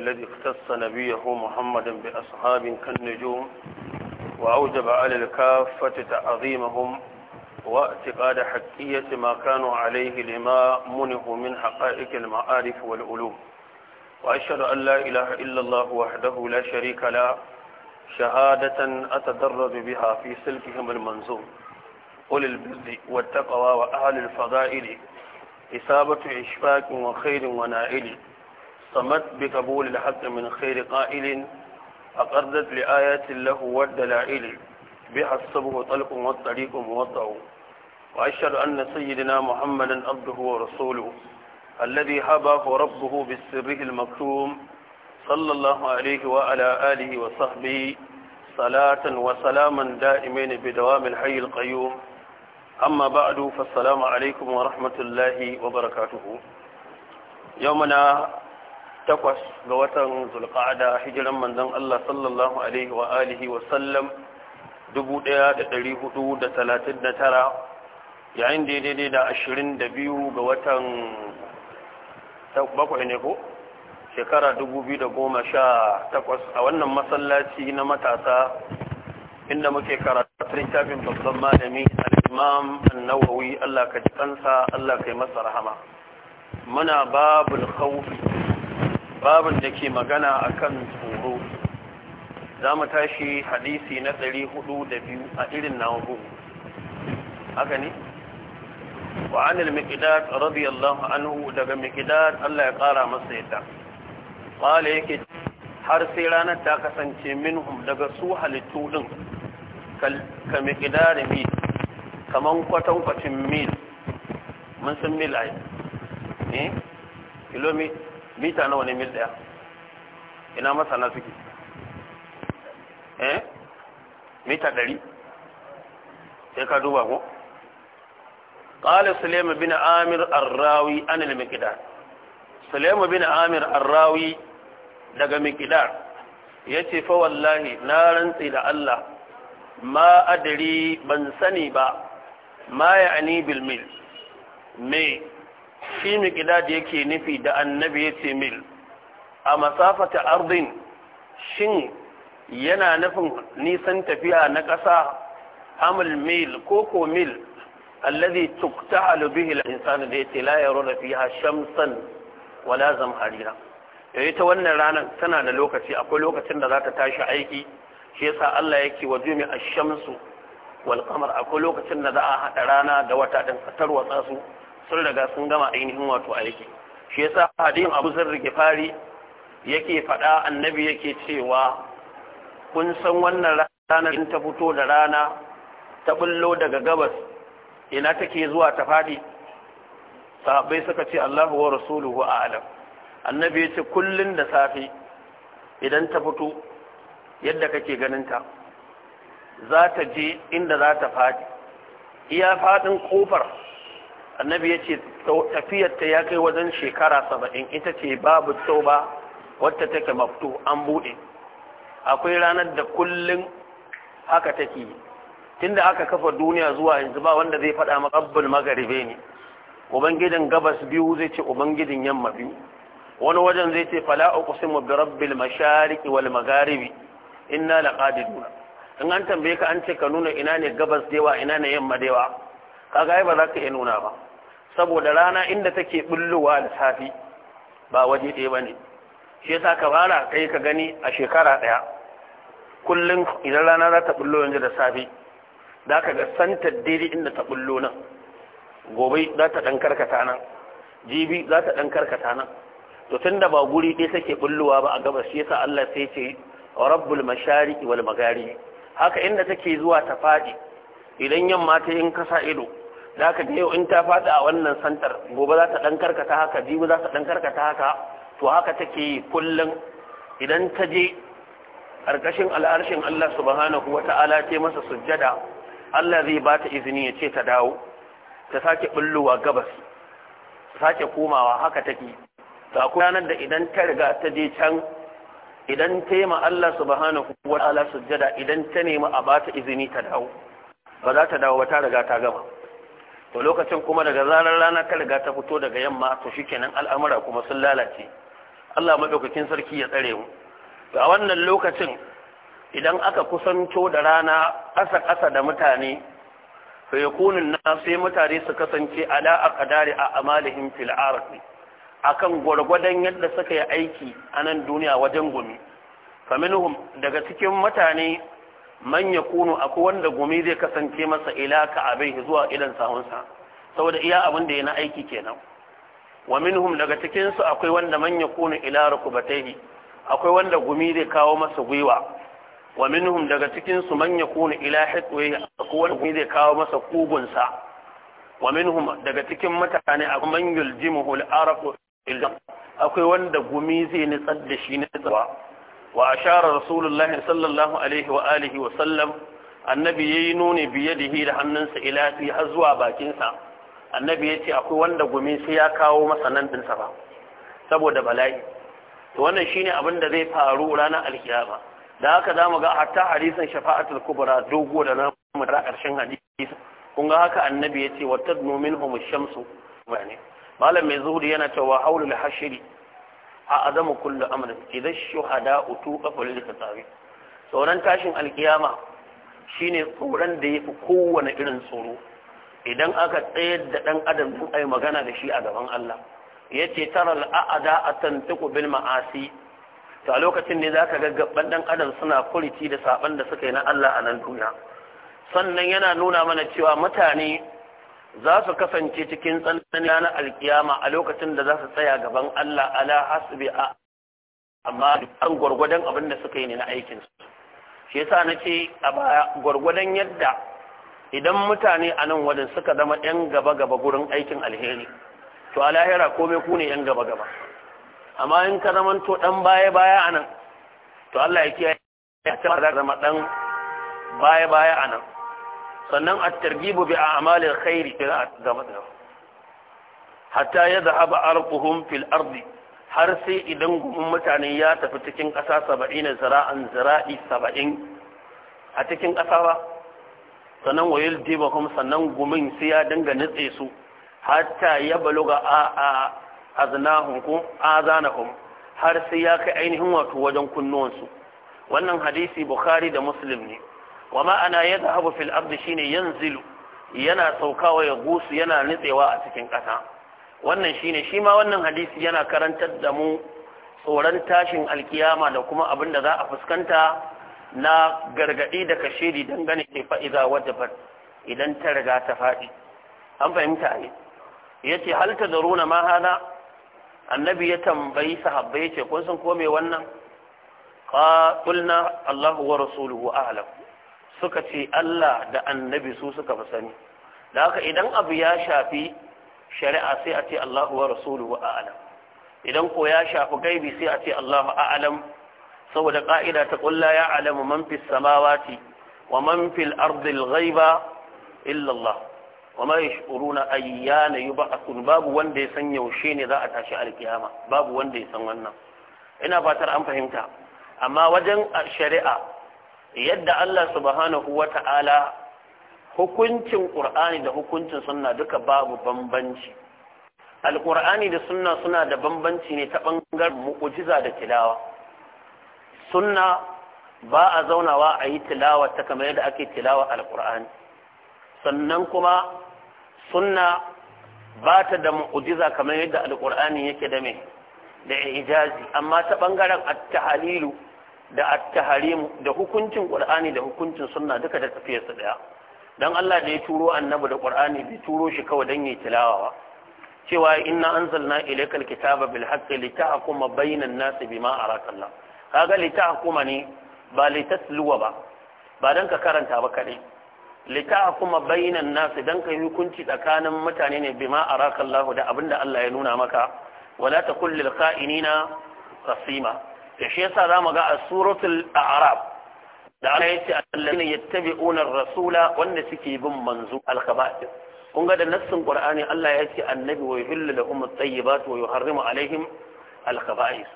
الذي اختص نبيه محمدا بأصحاب كالنجوم وأوجب على الكافة تعظيمهم واعتقاد حكية ما كانوا عليه لما منعوا من حقائق المعارف والعلوم وأشهد أن لا إله إلا الله وحده لا شريك له شهادة أتدرب بها في سلكهم المنزوم أولي البر والتقوى وأهل الفضائل إصابة إشفاق وخير ونائل صمت بقبول الحق من خير قائل أقردت لآيات له والدلائل بها طلق والطريق موضع وأشهد أن سيدنا محمدا عبده ورسوله الذي حباه ربه بالسره المكتوم صلى الله عليه وعلى آله وصحبه صلاة وسلاما دائمين بدوام الحي القيوم أما بعد فالسلام عليكم ورحمة الله وبركاته يومنا takwas ga watan zulqa'ada hijiran manzon Allah sallallahu alaihi wa alihi wa sallam 1439 yayin da daidai da 22 ga watan bakwai ne ko shekara 2018 a wannan masallaci na matasa inda muke karatu littafin babban malami al-imam an-nawawi Allah ka ji kansa Allah ka yi masa rahama muna babul khawfi babin da ke magana a kan tsoro za mu tashi hadisi na ɗari da biyu a irin na hudu haka ne وعن radiyallahu anhu daga عنه Allah ya kara masa yadda. قال yake har sai ranar ta kasance minhum daga su halittu din ka miqdar mil kaman kwatankwacin mil mun san mil ai eh kilomita mita nawa ne mil ɗaya ina masana suke eh mita ɗari sai ka duba ko قال سليم بن an الراوي عن المقدار سليم بن عامر الراوي daga miqdar yace fa wallahi na rantsi da Allah ma adri ban sani ba ma ya'ni bil mil me shi miƙida da yake nufi da annabi ya ce mil a masafata ardin shin yana nufin nisan tafiya na ƙasa hamil mil ko ko mil allazi tuktahalu bihi al-insan da yace la yaruna fiha shamsan wala zamharira yayi ta wannan ranar tana da lokaci akwai lokacin da za ta tashi aiki shi yasa Allah yake wajumi ash-shamsu wal qamar akwai lokacin da za a hada rana da wata din fatarwa su sun daga sun gama ainihin wato aiki shi yasa hadin Abu Zarri fari yake faɗa annabi yake cewa kun san wannan rana in ta fito da rana ta bullo daga gabas ina take zuwa ta faɗi sahabbai suka ce Allahu wa rasuluhu a'lam annabi ya ce kullun da safe idan ta fito yadda kake ganinta za ta je inda za ta faɗi iya faɗin ƙofar annabi ya ce tafiyarta ya kai wajen shekara saba'in ita ce babu tauba wata take mafto an buɗe akwai ranar da kullum haka take tunda aka kafa duniya zuwa yanzu ba wanda zai faɗa makabbul magaribe ne ubangijin gabas biyu zai ce ubangijin yamma biyu wani wajen zai ce fala uqsimu bi rabbil mashariki wal magharibi inna laqadiruna in an tambaye ka an ce ka nuna ina ne gabas dewa ina ne yamma dewa kaga ai ba za ka iya nuna ba saboda rana inda take bullowa da safi ba waje ɗaya ba ne shi yasa ka fara kai ka gani a shekara ɗaya kullum idan rana za ta bullo yanzu da safi za ka ga santa daidai inda ta bullo nan gobe za ta ɗan karkata nan jibi za ta ɗan karkata nan to tun da ba guri ɗaya take bullowa ba a gabas shi yasa Allah sai ce rabbul mashariqi wal magharibi haka inda take zuwa ta faɗi idan yamma ta yin kasa ido da aka yau in ta faɗi a wannan santar gobe za ta ɗan karkata haka jibi za ta ɗan karkata haka to haka take yi kullum idan ta je ƙarƙashin al'arshin Allah subhanahu wa ta'ala ce masa sujjada Allah zai ba ta izini ya ce ta dawo ta sake bullowa gabas ta sake komawa haka take ta ranar da idan ta riga ta je can idan ta yi ma Allah subhanahu wa ta'ala sujjada idan ta nemi a ba ta izini ta dawo ba za ta dawo ba ta riga ta gama to lokacin kuma daga zarar rana ta riga ta fito daga yamma to shikenan al'amura kuma sun lalace Allah madaukakin sarki ya tsare mu to a wannan lokacin idan aka kusanto da rana ƙasa ƙasa da mutane fa yakunu na sai mutane su kasance ala aqdari a amalihim fil ardi akan gwargwadon yadda suka yi aiki a nan duniya wajen gumi faminhum daga cikin mutane man ya kunu akwai wanda gumi zai kasance masa ila ka abai zuwa idan sahunsa saboda iya abin da ya na aiki kenan wa minhum daga cikin su akwai wanda man ya kunu ila rukubatayhi akwai wanda gumi zai kawo masa gwiwa wa minhum daga cikin su man ya kunu ila hitwayhi akwai wanda gumi zai kawo masa kugunsa wa minhum daga cikin mutane akwai man yuljimuhu al-araqu akwai wanda gumi zai nitsar da shi nitsawa wa ashara rasulullahi sallallahu alaihi wa alihi wa sallam annabi yayi nuni biye da hannunsa ila fi har zuwa bakinsa sa annabi yace akwai wanda gumi sai ya kawo masa nan din ba saboda bala'i to wannan shine abin da zai faru ranar ba da haka zamu ga hatta hadisin shafa'atar kubra dogo da na mu da karshen hadisi kun ga haka annabi yace wa tadnu minhum ash-shamsu malam mai zuhuri yana cewa haulul hashri a azamu kullu amrin idan shuhada utu kafal litasabi tsoron tashin alkiyama shine tsoron da yafi kowane irin tsoro idan aka tsayar da ɗan adam sun ai magana da shi a gaban Allah yace taral aada atantiqu bil ma'asi to a lokacin ne zaka ga gaban ɗan adam suna kuriti da saban da suka yi na Allah a nan duniya sannan yana nuna mana cewa mutane za su kasance cikin tsananin ranar alkiyama a lokacin da za su tsaya gaban Allah ala hasbi a amma an gwargwadon abin da suka yi ne na aikin su shi yasa nace a baya gwargwadon yadda idan mutane a nan wajen suka zama yan gaba gaba gurin aikin alheri to a lahira komai ku ne yan gaba gaba amma in ka zama to dan baya baya a nan to Allah ya kiyaye ya ta zama dan baya baya a nan sannan a targibu bi amalin khairi qira'at gaba da hatta ba arquhum fil ardi har sai idan gumin mutane ya tafi cikin ƙasa na zira'an zira'i saba'in a cikin ƙasa ba sannan wayil kuma sannan gumin sai ya dinga nutse su hatta ya baluga a a aznahum har sai ya kai ainihin wato wajen kunnuwansu wannan hadisi bukhari da muslim ne wa ma'ana ya zahabu fil ne shine Zilu yana saukawa ya gusu yana nitsewa a cikin ƙasa wannan ne. shi ma wannan hadisi yana karantar da mu tsoron tashin alkiyama da kuma abin da za a fuskanta na gargaɗi da kashedi dangane da fa'iza wajabat idan ta riga ta faɗi an fahimta ne yace hal tadruna ma hada annabi ya tambayi sahabbai yace kun san ko me wannan qulna Allahu wa rasuluhu a'lam suka ce Allah da annabi su suka fi sani da haka idan abu ya shafi shari'a sai a ce Allahu wa rasuluhu a'lam idan ko ya shafi gaibi sai a ce Allahu a'lam saboda ka'ida ta kulla ya alamu man fis samawati wa man fil ardi al ghaiba illa Allah wa ma yashuruna ayyana yub'athun babu wanda ya san yaushe ne za a tashi alkiyama babu wanda ya san wannan ina fatar an fahimta amma wajen shari'a yadda Allah subhanahu wa ta'ala hukuncin ƙur'ani da hukuncin sunna duka babu bambanci alƙur'ani da sunna suna da bambanci ne ta ɓangaren mu'ujiza da tilawa sunna ba a zaunawa a yi tilawa ta kamar yadda ake tilawa alur'ani sannan kuma sunna ba ta da mu'ujiza kamar yadda alƙur'ani yake da mai da ijazi amma ta ɓangaren at-tahalilu da at-tahrim da hukuncin qur'ani da hukuncin sunna duka da tafiyar su daya dan Allah da ya turo annabi da qur'ani bai turo shi kawai dan yayi tilawa cewa inna anzalna ilaykal kitaba bil haqqi litahkuma bainan nasi bima araka Allah kaga litahkuma ne ba litasluwa ba ba dan ka karanta ba kadai litahkuma bainan nasi dan ka hukunci tsakanin mutane ne bima araka Allah da abinda Allah ya nuna maka wala takul lil na rasima da shi yasa zamu ga a suratul a'raf da Allah yace allazina yattabi'una ar-rasula wanda suke bin manzo al-khaba'ir kun ga da nassin qur'ani Allah yace annabi wa yuhillu lahum at-tayyibat wa yuharrimu alaihim al-khaba'ir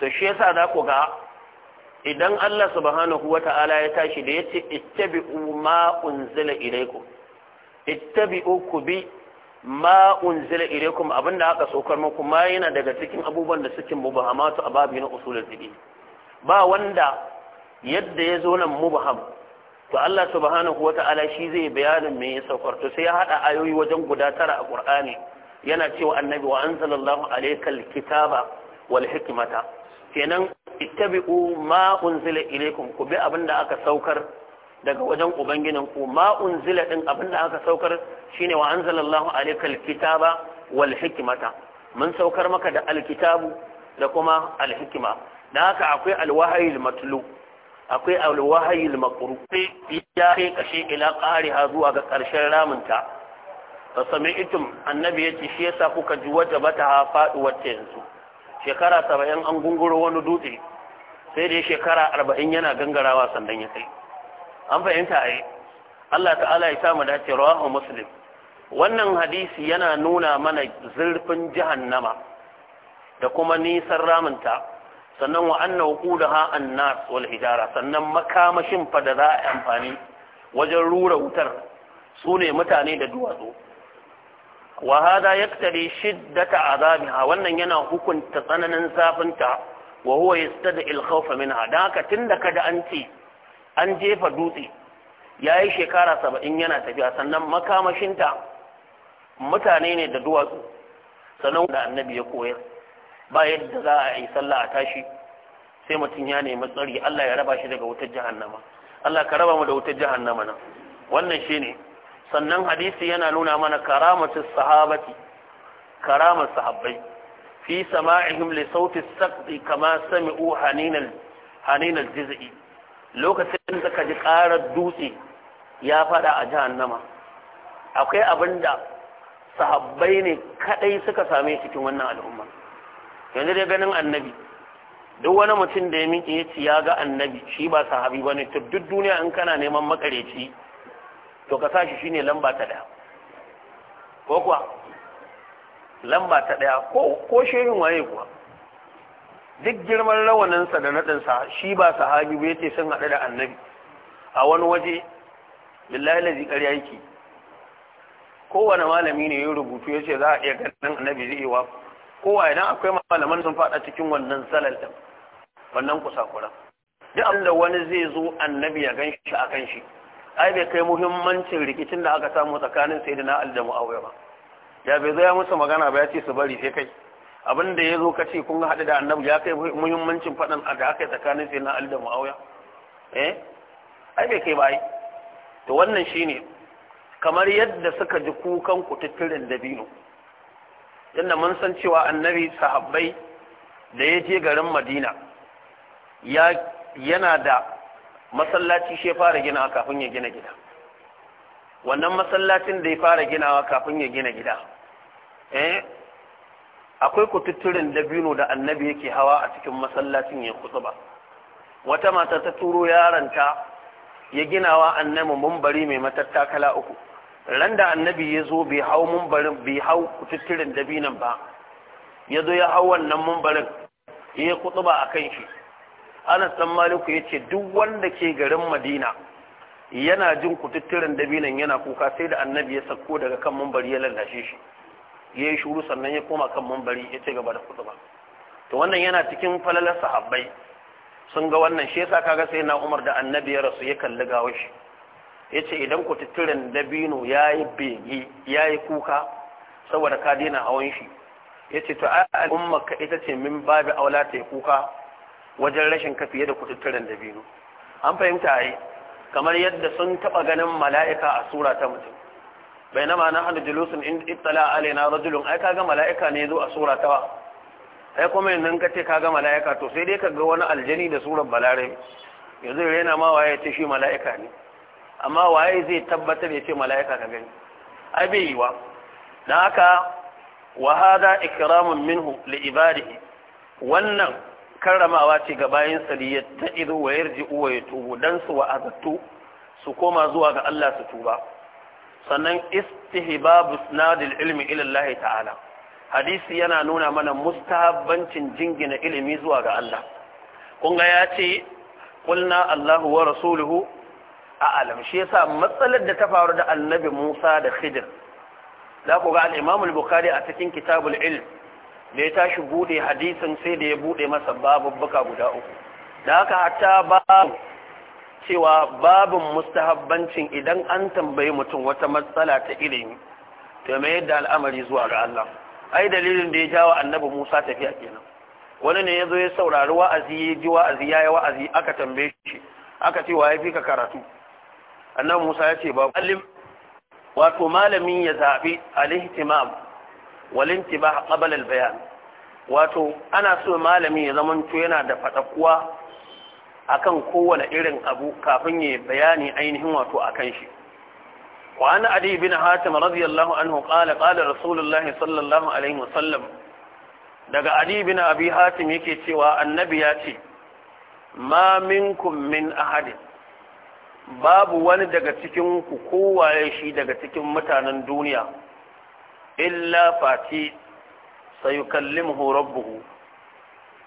to shi yasa za ku ga idan Allah subhanahu wata'ala ya tashi da yace ittabi'u ma unzila ilaykum ittabi'u bi. ma unzila ilaikum abin da aka saukar muku ma yana daga cikin abubuwan da suke mubahamatu a babi na usulul fiqh ba wanda yadda ya zo nan mubaham to Allah subhanahu wata'ala shi zai bayanin me ya saukar to sai ya hada ayoyi wajen guda tara a Qur'ani yana cewa annabi wa anzalallahu alaykal kitaba wal hikmata kenan ittabi'u ma unzila ilaykum ku bi abin da aka saukar daga wajen ubanginin ku ma unzila din abin da aka saukar shine wa anzalallahu alaikal kitaba wal hikmata mun saukar maka da alkitabu da kuma alhikima dan haka akwai alwahyi almatlu akwai almaqru fi ya kai kashe ila qariha zuwa ga karshen ramunta fa sami'tum annabi yace shi yasa kuka ji wajabata fadu ta yanzu shekara 70 an gunguro wani dutse sai dai shekara 40 yana gangarawa sannan ya kai an fahimta ai Allah ta'ala ya samu dace rawahu muslim wannan hadisi yana nuna mana zurfin jahannama da kuma nisan ramunta sannan wa anna haan annas wal hijara sannan makamashin fa da za a amfani wajen rura wutar sune mutane da duwatsu wa hada yaktari shiddata ha, wannan yana hukunta tsananin zafinta wa huwa yastadi al khawfa minha dan haka tunda kada an ce an jefa dutse ya yi shekara saba'in yana tafiya sannan makamashinta mutane ne da duwatsu sannan da annabi ya koyar ba yadda za a yi sallah a tashi sai mutum ya nemi tsari Allah ya raba shi daga wutar jahannama Allah ka raba mu da wutar jahannama nan wannan shi ne. sannan hadisi yana nuna mana karamatu sahabati karamar sahabbai fi sama'ihim li sauti sakti kama sami'u haninal haninal jiz'i lokacin da ka ji ƙarar dutse ya faɗa a jahannama akwai abin da sahabbai ne kaɗai suka same cikin wannan al'umma yanzu dai ganin annabi duk wani mutum da ya miƙe ya ci ya ga annabi shi ba sahabi ba ne duk duniya in kana neman makareci to ka sashi shine lamba ta ɗaya ko kuwa lamba ta ɗaya ko shehin waye kuwa duk girman rawaninsa da naɗinsa shi ba sahabi ba ce sun haɗu da annabi a wani waje billahi lazi ƙarya yake kowane malami ne ya rubutu ya ce za a iya ganin annabi zai wa kowa idan akwai malaman sun faɗa cikin wannan salal wannan kusakura duk abin da wani zai zo annabi ya gan shi a kan shi ai bai kai muhimmancin rikicin da aka samu tsakanin sayyidina ali da muawiya ba ya bai zo ya musu magana ba ya ce su bari sai kai abin da ya zo ka ce kun haɗu da annabi ya kai muhimmancin faɗin da aka yi tsakanin sai na ali da mu'awiya eh ai bai kai ba ai to wannan shine kamar yadda suka ji kukan kututturin dabino yadda mun san cewa annabi sahabbai da ya je garin madina ya yana da masallaci shi ya fara gina kafin ya gina gida wannan masallacin da ya fara ginawa kafin ya gina gida eh akwai kututturen dabino da annabi yake hawa a cikin masallacin ya kutuba wata mata ta turo yaranta ya ginawa annabi mumbari mai matattakala uku ran da annabi ya zo bai hau mumbarin bai hau kututturen dabinan ba ya zo ya hau wannan mumbarin ya yi kutuba a kan shi anas dan maliku ya ce duk wanda ke garin madina yana jin kututturen dabinan yana kuka sai da annabi ya sauko daga kan mumbari ya lallashe shi ya yi shuru sannan ya koma kan mambari ya ce gaba da kutuba to wannan yana cikin falalar sahabbai sun ga wannan shi yasa kaga sai na Umar da Annabi ya rasu ya kalli gawashi shi ce idan ku dabino yayi bege yayi kuka saboda ka daina hawan shi ce to ai ka ita ce min babu aula ta yi kuka wajen rashin ka fiye da ku dabino an fahimta ai kamar yadda sun taba ganin mala'ika a sura ta mutum bainama nahnu julusun in ittala alaina rajulun ai kaga malaika ne zo a ai kuma yanzu ka ce kaga malaika to sai dai kaga wani aljani da surar balare yanzu yana ma waye ce shi malaika ne amma waye zai tabbatar ya ce malaika ka gani ai bai yi wa Na haka wa hada ikramun minhu li ibadihi wannan karramawa ce ga bayin saliya ta idu wa yarji'u wa yatubu dan su wa su koma zuwa ga Allah su tuba sannan istihbabu sinadil ilmi ilallahi ta'ala hadisi yana nuna mana mustahabbancin jingina ilimi zuwa ga Allah kunga ya ce kulna Allahu wa rasuluhu a alam shi yasa matsalar da ta faru da annabi Musa da Khidir Da ku ga al-Imam al-Bukhari a cikin kitabul ilm da ya tashi bude hadisin sai da ya bude masa babu buka guda uku da haka hatta babu cewa babin mustahabbancin idan an tambayi mutum wata matsala ta ilimi to mai yadda al'amari zuwa ga Allah ai dalilin da ya jawo annabi Musa tafiya kenan wani ne ya zo ya saurari wa'azi ya ji wa'azi ya yi wa'azi aka tambaye shi aka ce wa ya fi ka karatu annabi Musa ya ce ba alim wato malamin ya zaɓi al-ihtimam wal intibah qabla al-bayan wato ana so malami ya zamanto yana da fadakuwa akan kowane irin abu kafin ya bayani ainihin wato akan shi وعن علي بن حاتم radiyallahu anhu, عنه قال قال رسول الله صلى daga adi bin Abi Hatim yake cewa annabi ya ce ma minkum min ahadin babu wani daga cikin ku kowaye shi daga cikin mutanen duniya illa fati sayukallimuhu rabbuhu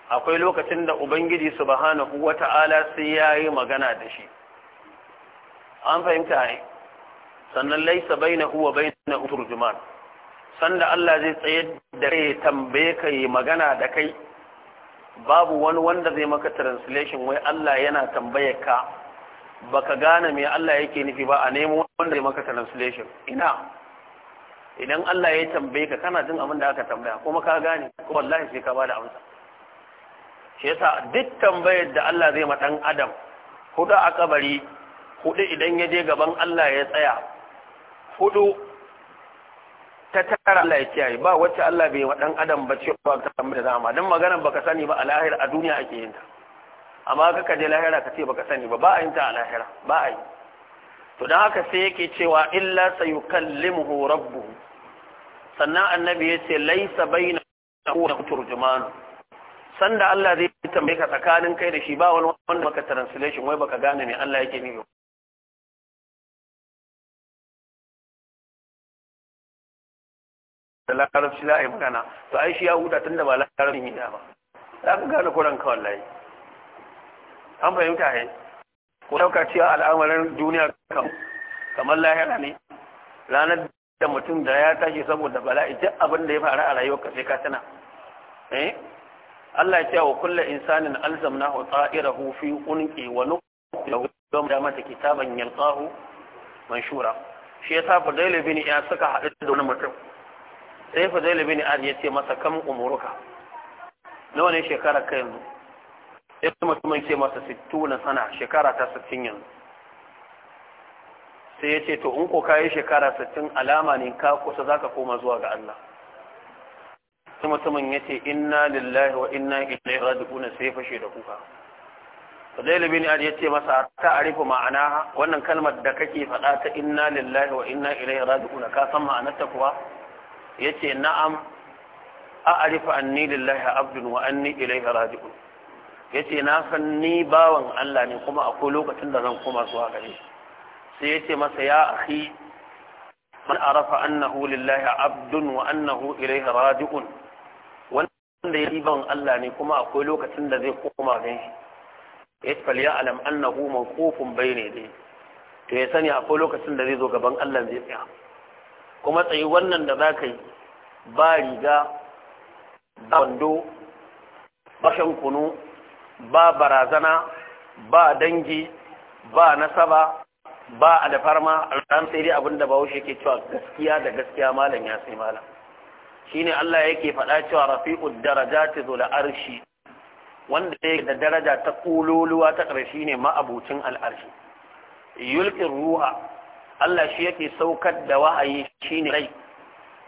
akwai lokacin da ubangiji subhanahu wata'ala sai yayi magana da shi an fahimta ne sannan laisa bainahu wa bainahu turjuman sanda Allah zai tsaye da kai tambaye kai magana da kai babu wani wanda zai maka translation wai Allah yana tambaye ka baka gane me Allah yake nufi ba a nemo wanda zai maka translation ina idan Allah ya tambaye ka kana jin abin da aka tambaya kuma ka gane ko wallahi sai ka bada amsa shi yasa duk tambayar da Allah zai ma dan adam hudu a kabari hudu idan ya je gaban Allah ya tsaya hudu ta tara Allah ya kiyaye ba wacce Allah bai ma dan adam ba cewa ka tambayar da zama dan maganar baka sani ba a lahira a duniya ake yin ta amma kaka je lahira ka ce baka sani ba ba a yin ta a lahira ba a yi to dan haka sai yake cewa illa sayukallimuhu rabbuhu sannan annabi yace laysa bainahu wa turjumanu sanda Allah zai tambaye ka tsakanin kai da shi ba wani wanda maka translation wai baka gane ne Allah yake nufi da larabci za a yi magana to ai shi ya huta tun da ba larabci mai ba za ka gane kuran kawai wallahi an fahimta ne ko dauka cewa al'amarin duniya kan kamar lahira ne ranar da mutum da ya tashi saboda bala'i duk abin da ya faru a rayuwar ka sai ka tana eh Allah ya ce wa kullu insanin alzamnahu ta'irahu fi unqi wa nuqi yawm da mata kitaban yalqahu manshura shi ya sa Fudayl bin ya suka haɗu da wani mutum sai Fudayl bin ya ce masa kam umuruka nawa ne shekara ka yanzu sai mutumin ce masa 60 sana shekara ta 60 yanzu sai ya ce to in ko kai shekara 60 alama ne ka kusa zaka koma zuwa ga Allah sai mutumin ya ce inna lillahi wa inna ilaihi raji'un sai fashe da kuka Fadailu bin Ali ya ce masa ta arifu ma'ana wannan kalmar da kake faɗa ta inna lillahi wa inna ilaihi raji'un ka san ma'anarta kuwa yace na'am a arifu ni lillahi abdun wa anni ilaihi Ya ce na san ni bawan Allah ne kuma akwai lokacin da zan koma zuwa gare sai ya ce masa ya akhi man arafa annahu lillahi abdun wa annahu ilaihi da ya ban Allah ne kuma akwai lokacin da zai koma gan shi ya falya alam kofin bai ne dai to ya sani akwai lokacin da zai zo gaban Allah zai tsaya kuma tsayi wannan da za ka yi ba riga ba wando ba shankunu kunu ba barazana ba dangi ba nasaba ba a alfarma ran sai dai da bawo shi yake cewa gaskiya da gaskiya malam ya sai malam shine Allah yake faɗa cewa rafi'ud darajati zul arshi wanda yake da daraja ta kululuwa ta ƙarshe ne ma'abucin al'arshi yulqir ruha Allah shi yake saukar da wahayi shine rai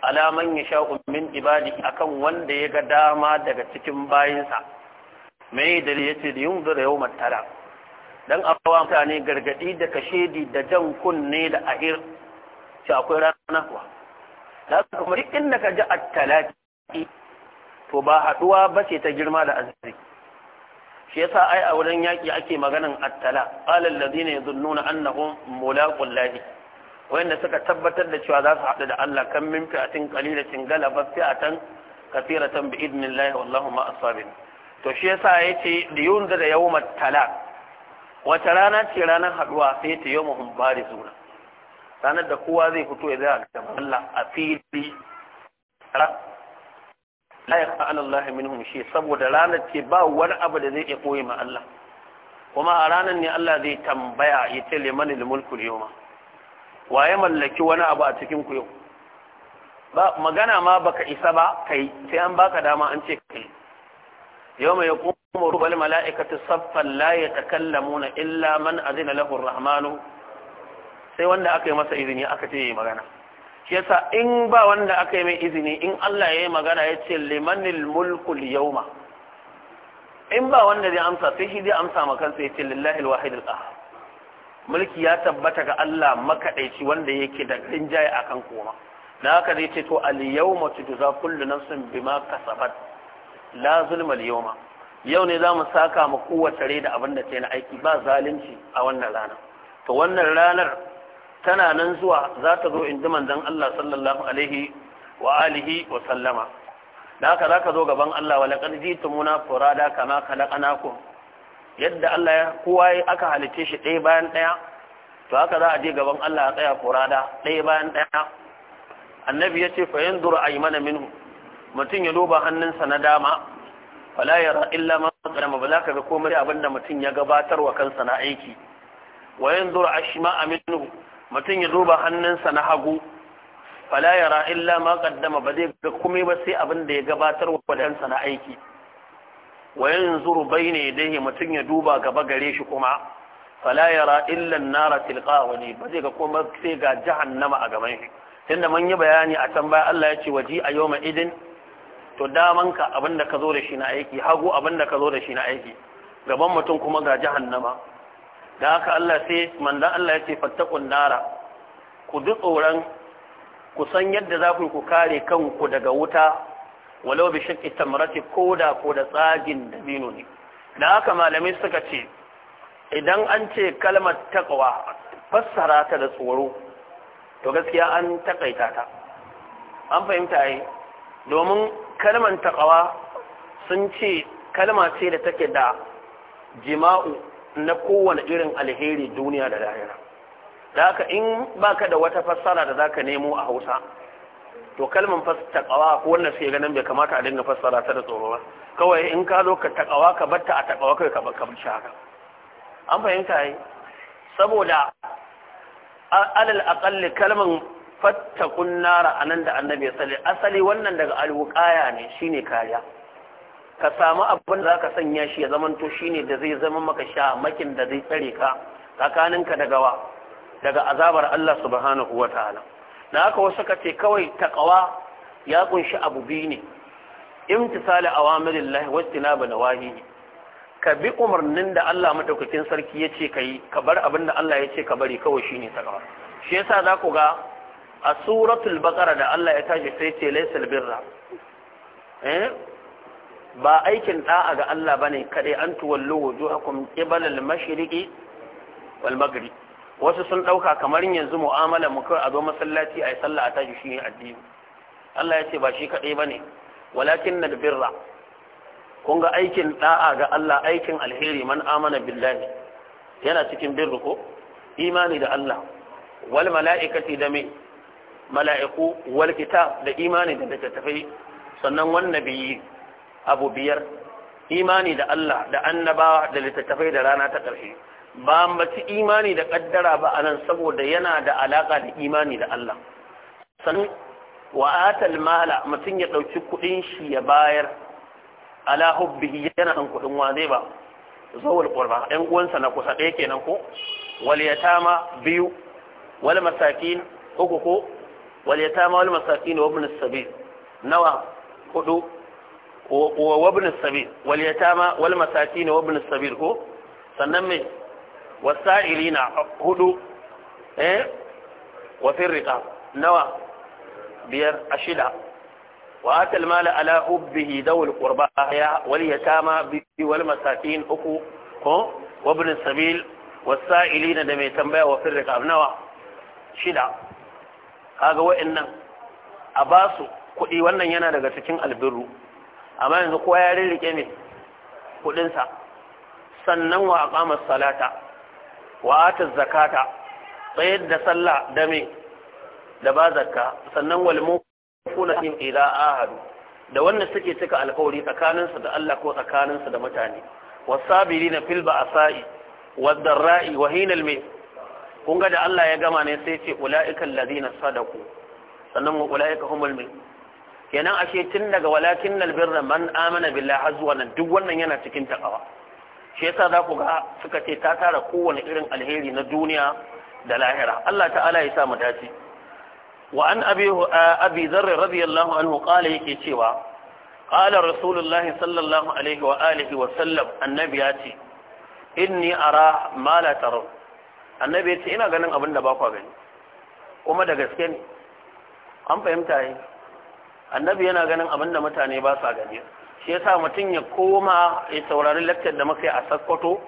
alaman ya sha min ibadi akan wanda ya ga dama daga cikin bayinsa mai da ya ce da yin zura yau matara don abawa mutane gargadi da kashedi da jan kunne da ahir shi akwai rana kuwa da su kuma duk inda ka ji a talaqi to ba haɗuwa ba ce ta girma da azari shi yasa ai a wurin yaƙi ake maganan at-tala qala nuna an annahum mola lahi wayanda suka tabbatar da cewa za su haɗu da Allah kan min fi'atin qalilatin galabat fi'atan kathiratan bi idnillahi wallahu ma asabin to shi yasa ce da yunda da yawmat tala wata rana ce ranar haɗuwa sai ta yawmuhum barizuna ranar da kowa zai fito ya zai a gaban Allah a fili la ya fa'ala Allah minhum shi saboda ranar ce ba wani abu da zai iya koyi ma Allah kuma a ranar ne Allah zai tambaya ya ce liman mulku yawma waye mallaki wani abu a cikin ku yau ba magana ma baka isa ba kai sai an baka dama an ce kai yawma yaqumu rubal mala'ikatu saffan la yatakallamuna illa man azina lahu ar-rahmanu sai wanda aka yi masa izini aka ce yi magana shi yasa in ba wanda aka yi mai izini in Allah ya yi magana ya ce limanil mulkul yauma in ba wanda zai amsa sai shi zai amsa ma kansa ya ce lillahi alwahid Ah. mulki ya tabbata ga Allah makadaici wanda yake da rinjaye akan koma Na haka zai ce to al yawma tujza kullu nafsin bima kasabat la zulma al yawma yau ne za mu saka mu kowace rai da abin da ta yi na aiki ba zalunci a wannan rana to wannan ranar tana nan zuwa za ta zo in ji Allah sallallahu alaihi wa alihi wa sallama da haka za ka zo gaban Allah wala ƙarfi tumuna furada kama ku? yadda Allah ya kowa ya aka halice shi ɗaya bayan ɗaya to haka za a je gaban Allah a tsaya furada ɗaya bayan ɗaya annabi ya ce fa yanzur aymana minhu mutum ya duba hannunsa na dama wala yara illa ma za ka ga komai abinda mutum ya gabatar wa kansa na aiki wa yanzur ashma'a minhu mutum ya duba hannunsa na hagu fala yara illa ma kaddama ba zai ga komai ba sai abin da ya gabatar wa wadansa na aiki wa yanzuru bayna yadayhi mutum ya duba gaba gare shi kuma fala yara illa an-nara tilqahu ba zai ga kuma sai ga jahannama a gaban shi tunda mun yi bayani a can baya Allah ya ce waji a yawma idin to daman ka abin da ka zo da shi na aiki hagu abin da ka zo da shi na aiki gaban mutum kuma ga jahannama da aka Allah sai manzan Allah ya ce fattakun nara ku duk tsoron ku san yadda za ku ku kare kanku daga wuta walau bi shakki tamrati ko da ko da tsagin ne da aka malamai suka ce idan an ce kalmar takawa fassara ta da tsoro to gaskiya an takaita ta an fahimta yi domin kalmar takawa sun ce kalma ce da take da jima'u na kowane irin alheri duniya da lahira da haka in baka da wata fassara da zaka nemo a Hausa to kalmar takawa ko wannan sai ganin bai kamata a dinga fassara ta da tsoro ba kawai in ka zo ka takawa ka batta a takawa kai ka baka bishi haka an fahimta yi saboda alal aqalli kalmar fattakun nara anan da annabi ya asali wannan daga alwuqaya ne shine kariya ka samu abin da ka sanya shi ya zamanto shine da zai zama maka sha makin da zai tsare ka tsakaninka daga gawa daga azabar Allah subhanahu ta'ala. da haka wasu ka ce kawai taqwa ya kunshi abu biyu ne imtisali awamirillahi wahi nawahi ka bi umarnin da Allah madaukakin sarki yace kai ka bar abin da Allah yace ka bari kawai shine taqwa shi yasa za ku ga a suratul baqara da Allah ya tashi sai ce laysal birra eh? ba aikin da'a ga Allah bane kadai an tuwallu wujuhakum qibala al-mashriqi wal maghrib wasu sun dauka kamar yanzu mu'amala mu kai a zo masallaci ayi sallah a tashi shi addini Allah ya ce ba shi kadai bane walakin birra kun ga aikin da'a ga Allah aikin alheri man amana billahi yana cikin birru ko imani da Allah wal mala'ikati da me mala'iku wal kitab da imani da littattafai sannan wannan biyi abu biyar imani da Allah da annabawa da littattafai da rana ta ƙarshe ba mace imani da ƙaddara ba a nan saboda yana da alaƙa da imani da Allah sannan wa atal mala mutum ya ɗauki kuɗin shi ya bayar ala hubbihi yana kan kuɗin wa zai ba zawul qurba ɗan uwansa na kusa ɗaya kenan ko wal biyu wal masakin uku ko wal wal masakin wa ibn sabil nawa hudu Wa wabin sabil wal yatama wal masakin wabin sabil ko sannan me wasa'ilina hudu eh wa firqa nawa biyar ashida wa atal mala ala hubbihi dawul qurba ya wal yatama bi wal masakin uku ko wabin sabil wasa'ilina da me tambaya wa firqa nawa shida kaga wa'annan a basu kuɗi wannan yana daga cikin albirru amma yanzu kowa ya rirrike ne kudinsa sannan wa aqama salata wa ata zakata tsayar da sallah da me da ba zakka sannan wal mufuna in ila ahadu da wannan suke cika alƙawari, tsakaninsu da Allah ko tsakaninsu da mutane wasabirina fil ba'sa'i wad ra'i wa hinal mai kun ga da Allah ya gama ne sai ce ula'ikal ladina sadaku sannan wa ula'ika humul mu'minun kenan ashe tun daga walakin birra man amana billahi har zuwa nan duk wannan yana cikin takawa shi yasa za ku ga suka ce ta tara kowane irin alheri na duniya da lahira Allah ta'ala ya sa mu dace wa an abi abi zarr radiyallahu anhu qala yake cewa qala rasulullahi sallallahu alaihi wa alihi wa sallam annabi ya ce inni ara ma la taru annabi ya ce ina ganin abin da ba ku gani kuma da gaske ne an fahimta yi annabi yana ganin abin da mutane ba sa gani shi yasa mutum ya koma ya saurari lakcar da muka yi a sakkwato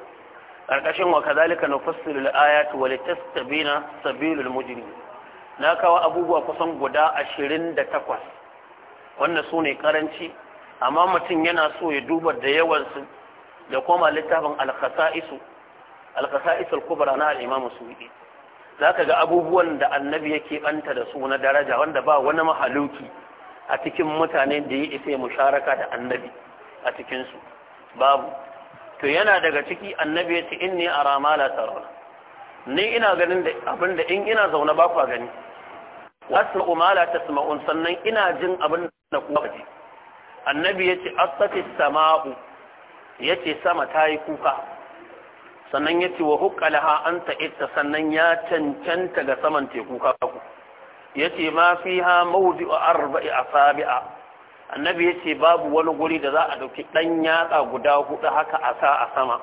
ƙarƙashin wa kazalika na al-ayati wa litastabina sabilul mujrim na kawo abubuwa kusan guda ashirin da takwas wannan su ne karanci amma mutum yana so ya duba da yawansu da koma littafin al alkasa'isu al-kubra na al-imam suwidi zaka ga abubuwan da annabi yake banta da su na daraja wanda ba wani mahaluki a cikin mutane da ya isa musharaka da annabi a cikinsu babu to yana daga ciki annabi ya ce ne a ma la tarawna ni ina ganin da abin da in ina zaune ba ku gani wasu ma la sama'un sannan ina jin abin da kuma ba ji annabi ya ce asafi sama'u ya ce sama ta yi kuka sannan ya ce wa hukalaha an ta sannan ya cancanta ga saman teku ku yace ma fiha mawdi'u arba'i sabi'a annabi yace babu wani guri da za a dauki dan yatsa guda hudu haka a sa a sama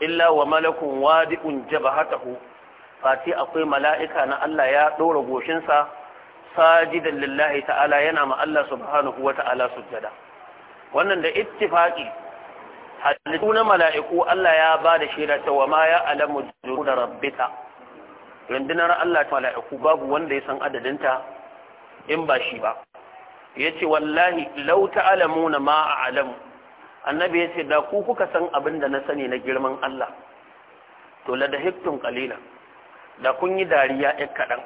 illa wa malakun wadi'un jabahatahu fati akwai mala'ika na Allah ya dora goshinsa sajidan lillahi ta'ala yana ma Allah subhanahu wa ta'ala sujjada wannan da ittifaqi halittu na mala'iku Allah ya ba da shi da cewa ma ya alamu da rabbika rundunar Allah ta mala'iku babu wanda ya san adadin ta in ba shi ba yace wallahi law ta'lamuna ma a'lamu annabi yace da ku kuka san abin da na sani na girman Allah to la dahiktum qalila da kun yi dariya ɗan kaɗan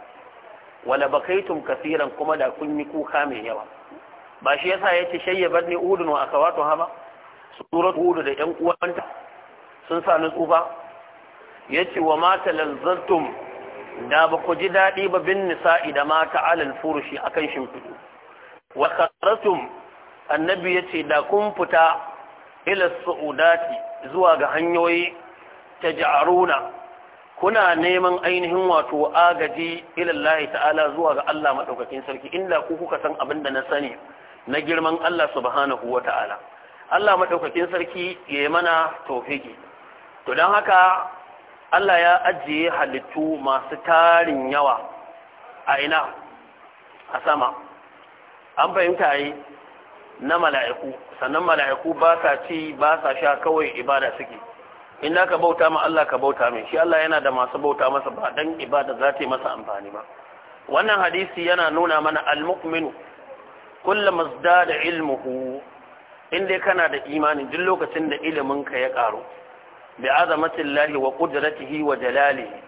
wala bakaitum kasiran kuma da kun yi kuka mai yawa ba shi yasa yace shayyabat ni udun wa akawatu hama surat udu da ƴan uwanta sun sa ni yace wa ma da ba ku ji daɗi ba bin nisa'i da ta alal furushi akan shimfiɗu wa kharatum annabi ce da kun fita ila su'udati zuwa ga hanyoyi ta Ja'aruna, kuna neman ainihin wato agaji ilallahi ta'ala zuwa ga Allah Maɗaukakin sarki inda ku kuka san abin da na sani na girman Allah subhanahu wa ta'ala Allah Maɗaukakin sarki ya yi mana tofiki to don haka Allah ya ajiye halittu masu tarin yawa a ina a sama an fahimta yi na mala'iku sannan mala'iku ba sa ci ba sa sha kawai ibada suke in ka bauta ma Allah ka bauta mai shi Allah yana da masu bauta masa ba dan ibada za ta yi masa amfani ba wannan hadisi yana nuna mana al kulla kullama da ilmuhu in kana da imani duk lokacin da iliminka ya karu bi azamatillahi wa qudratihi wa jalalihi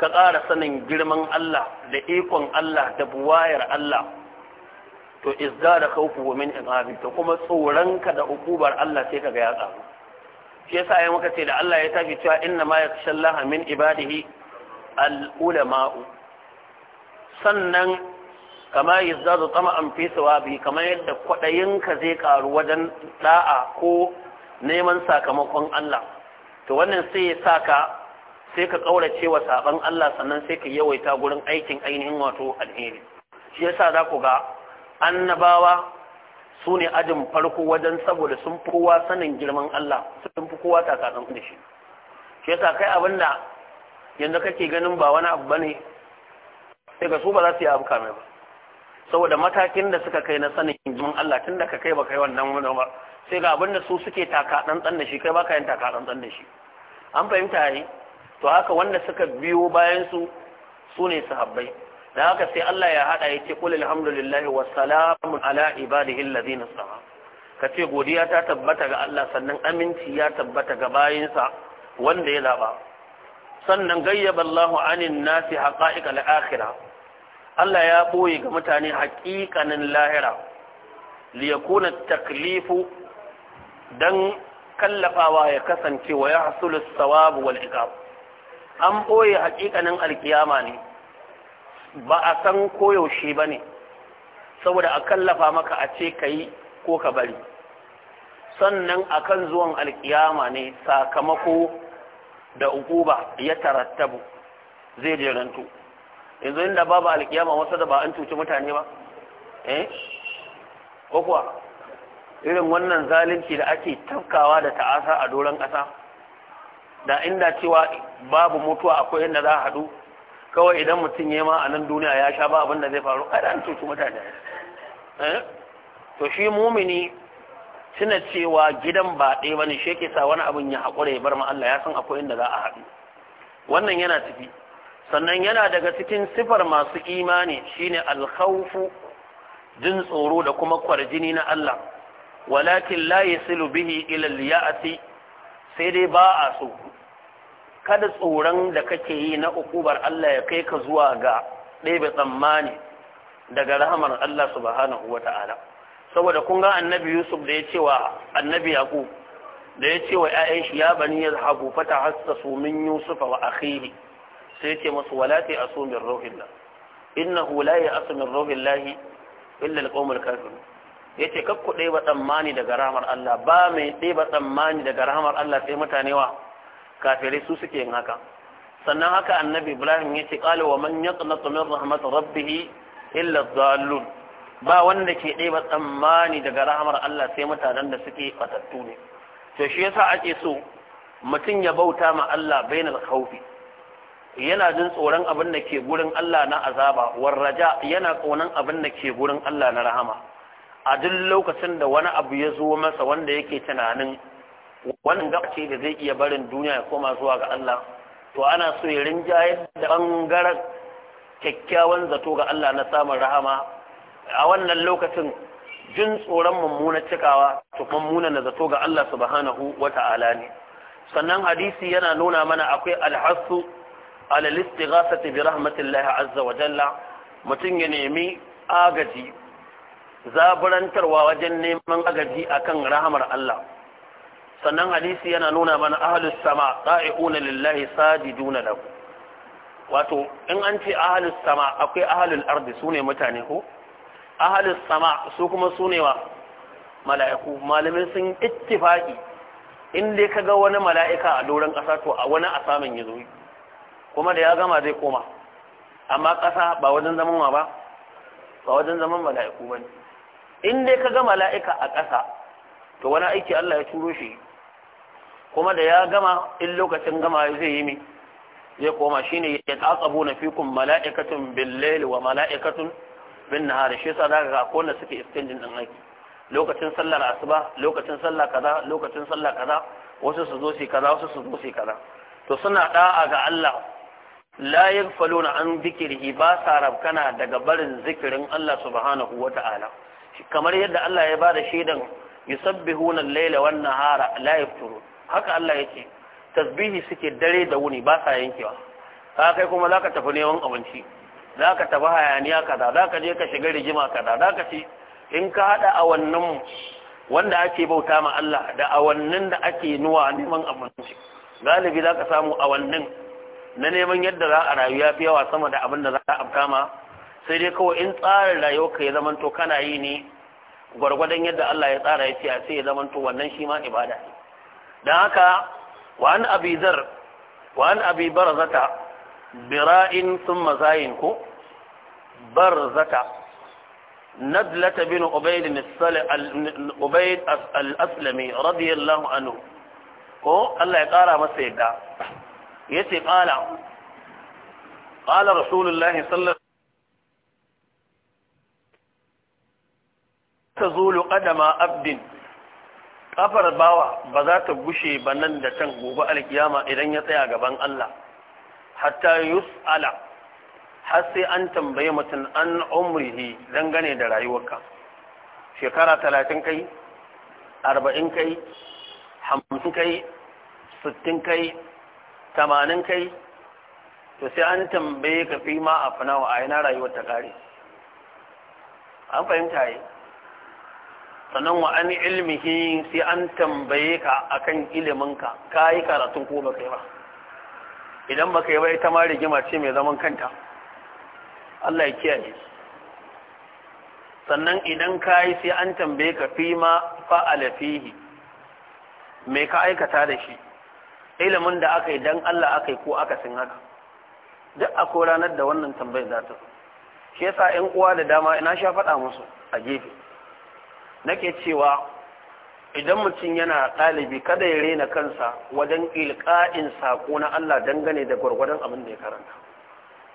ka ƙara sanin girman Allah da ikon Allah da buwayar Allah to izda da kauku wa min iqabi to kuma tsoronka da hukubar Allah sai kaga ya tsaro shi yasa ai muka ce da Allah ya tafi cewa inna ma yakhshallaha min ibadihi al ulama'u sannan kama yazdadu tama'an fi sawabi kamar yadda kwadayinka zai karu wajen da'a ko neman sakamakon Allah to wannan sai ya sa ka sai ka kaurace wa saɓan Allah sannan sai ka yawaita gurin aikin ainihin wato alheri shi yasa za ku ga annabawa su ne ajin farko wajen saboda sun fi kowa sanin girman Allah sun fi kowa takaɗan da shi shi yasa kai abin da yanzu kake ganin ba wani abu bane sai ga su ba za su yi abu kamar ba saboda matakin da suka kai na sanin girman Allah tun da ka kai ba kai wannan wani ba sai ga abin da su suke takaɗan da shi kai ba ka yin takaɗan da shi an fahimta ne to haka wanda suka biyo bayan su su ne sahabbai da haka sai Allah ya hada yake qul alhamdulillahi wassalamu ala ibadihi alladhina sama kace godiya ta tabbata ga Allah sannan aminci ya tabbata ga bayinsa wanda ya zaba sannan gayyaba Allahu anin nasi haqa'iqal akhirah Allah ya boye ga mutane haƙiƙanin lahira liyakuna taklifu dan kallafawa ya kasance wa ya hasulu sawabu wal iqab an boye hakikanin alkiyama ne ba a san koyaushe ba ne saboda a kallafa maka a ce ka yi ko ka bari sannan akan zuwan alkiyama ne sakamako da ukuba ya tarattabu zai jerantu yanzu inda babu alkiyama wasu da ba an cuci mutane ba eh ko kuwa irin wannan zalunci da ake tafkawa da ta'asa a doron ƙasa da inda cewa babu mutuwa akwai inda za a haɗu kawai idan mutum ya ma a nan duniya ya sha ba abin da zai faru kada an cuci mutane eh? to shi mumini suna cewa gidan ba ɗaya bane shi yake sa wani abin ya haƙura ya bar ma Allah ya san akwai inda za a haɗu wannan yana tafi sannan yana daga cikin sifar masu imani shine alkhawfu jin tsoro da kuma kwarjini na Allah walakin la silu bihi ila sai dai ba a so kada tsoron da kake yi na ukubar Allah ya kai ka zuwa ga ɗebe tsammani daga rahamar Allah subhanahu wa ta'ala saboda kun ga annabi Yusuf da ya ce wa annabi Yaqub da ya ce wa ‘ya'yan shi ya bani ya hagu fata hasta su min Yusufa wa akhihi sai ce masu walati a su min rohin la inna hula ya asu min rohin lahi illa alƙawar kafin ya ce kakku ɗeba tsammani daga rahamar Allah ba mai ɗeba tsammani daga rahamar Allah sai mutane wa kafirai su suke yin haka sannan haka annabi ibrahim ya ce ƙala wa man ya tsanatu min rahmat rabbihi illa zalun ba wanda ke ɗeba tsammani daga rahamar Allah sai mutanen da suke fatattu ne to shi yasa ake so mutum ya bauta ma Allah bainal khawfi yana jin tsoron abin da ke gurin Allah na azaba warraja yana tsoron abin da ke gurin Allah na rahama a duk lokacin da wani abu ya zo masa wanda yake tunanin wannan gaba da zai iya barin duniya ya koma zuwa ga Allah to ana so ya rinjaye da bangaren kyakkyawan zato ga Allah na samun rahama a wannan lokacin jin tsoron mummunan cikawa to mummunan na zato ga Allah subhanahu wata'ala ne sannan hadisi yana nuna mana akwai alhassu ala listighasati bi rahmatillahi azza wa jalla mutum ya nemi agaji zaburantarwa wajen neman agaji akan rahamar Allah sannan hadisi yana nuna mana ahlus sama qa'iuna lillahi sajiduna lahu wato in an ce ahlus sama akwai ahlul ardi sune mutane ko ahlus sama su kuma sune wa mala'iku malamin sun ittifaki in dai ga wani mala'ika a doron ƙasa to a wani asamin yazo kuma da ya gama zai koma amma ƙasa ba wajen zaman wa ba ba wajen zaman mala'iku bane in dai ka ga mala'ika a ƙasa to wani aiki Allah ya turo shi kuma da ya gama in lokacin gama zai yi mi zai koma shi shine ya tsatsabu na fikun mala'ikatun bin laili wa mala'ikatun bin nahari shi yasa zaka ko na suke istinjin ɗin aiki lokacin sallar asuba lokacin sallar kaza lokacin sallar kaza wasu su zo su kaza wasu su zo su kaza to suna da'a ga Allah la yaghfaluna an dhikrihi ba sa rabkana daga barin zikirin Allah subhanahu wata'ala kamar yadda Allah ya bada shaidan yusabbihuna al-laila wan nahara la yafturu haka Allah yake tasbihi suke dare da wuni ba sa yankewa ka kai kuma zaka tafi neman abinci zaka tafi hayaniya kaza zaka je ka shiga rigima kaza zaka ci in ka hada wannan wanda ake bauta ma Allah da awannin da ake nuwa neman abinci galibi zaka samu awannin na neman yadda za a rayu fi yawa sama da abin da za a kama sai dai kawai in tsarin rayuwarka ya zamanto kana yi ne gwargwadon yadda Allah ya tsara ya ce a sai ya zamanto wannan shi ma ibada ne don haka wa an abi zar wa an abi barzata bira'in sun mazayin ko barzata nadlata bin ubaid ubaid al-aslami radiyallahu anhu ko Allah ya kara masa yadda Ya yace qala qala rasulullahi sallallahu ta tazulu qadama abdin kafar bawa ba za ta gushe ba nan da can gobe alkiyama idan ya tsaya gaban Allah hatta yus'ala har sai an tambaye mutum an umrihi dangane da rayuwarka shekara talatin kai arba'in kai hamsin kai sittin kai tamanin kai to sai an tambaye ka fi ma a fanawa a yana rayuwar ta kare an fahimta yi sannan wa an ilmihi sai an tambaye ka akan iliminka ka yi karatun ko ba kai ba idan ba kai ba ita ma rigima ce mai zaman kanta Allah ya kiyaye sannan idan ka yi sai an tambaye ka fi ma fa'ala fihi me ka aikata da shi ilimin da aka yi dan Allah aka yi ko aka sin haka duk a ranar da wannan tambayar za ta shi yasa 'yan uwa da dama ina sha faɗa musu a gefe nake cewa idan mutum yana ɗalibi kada ya rena kansa wajen ilka'in saƙo na Allah dangane da gwargwadon abin da ya karanta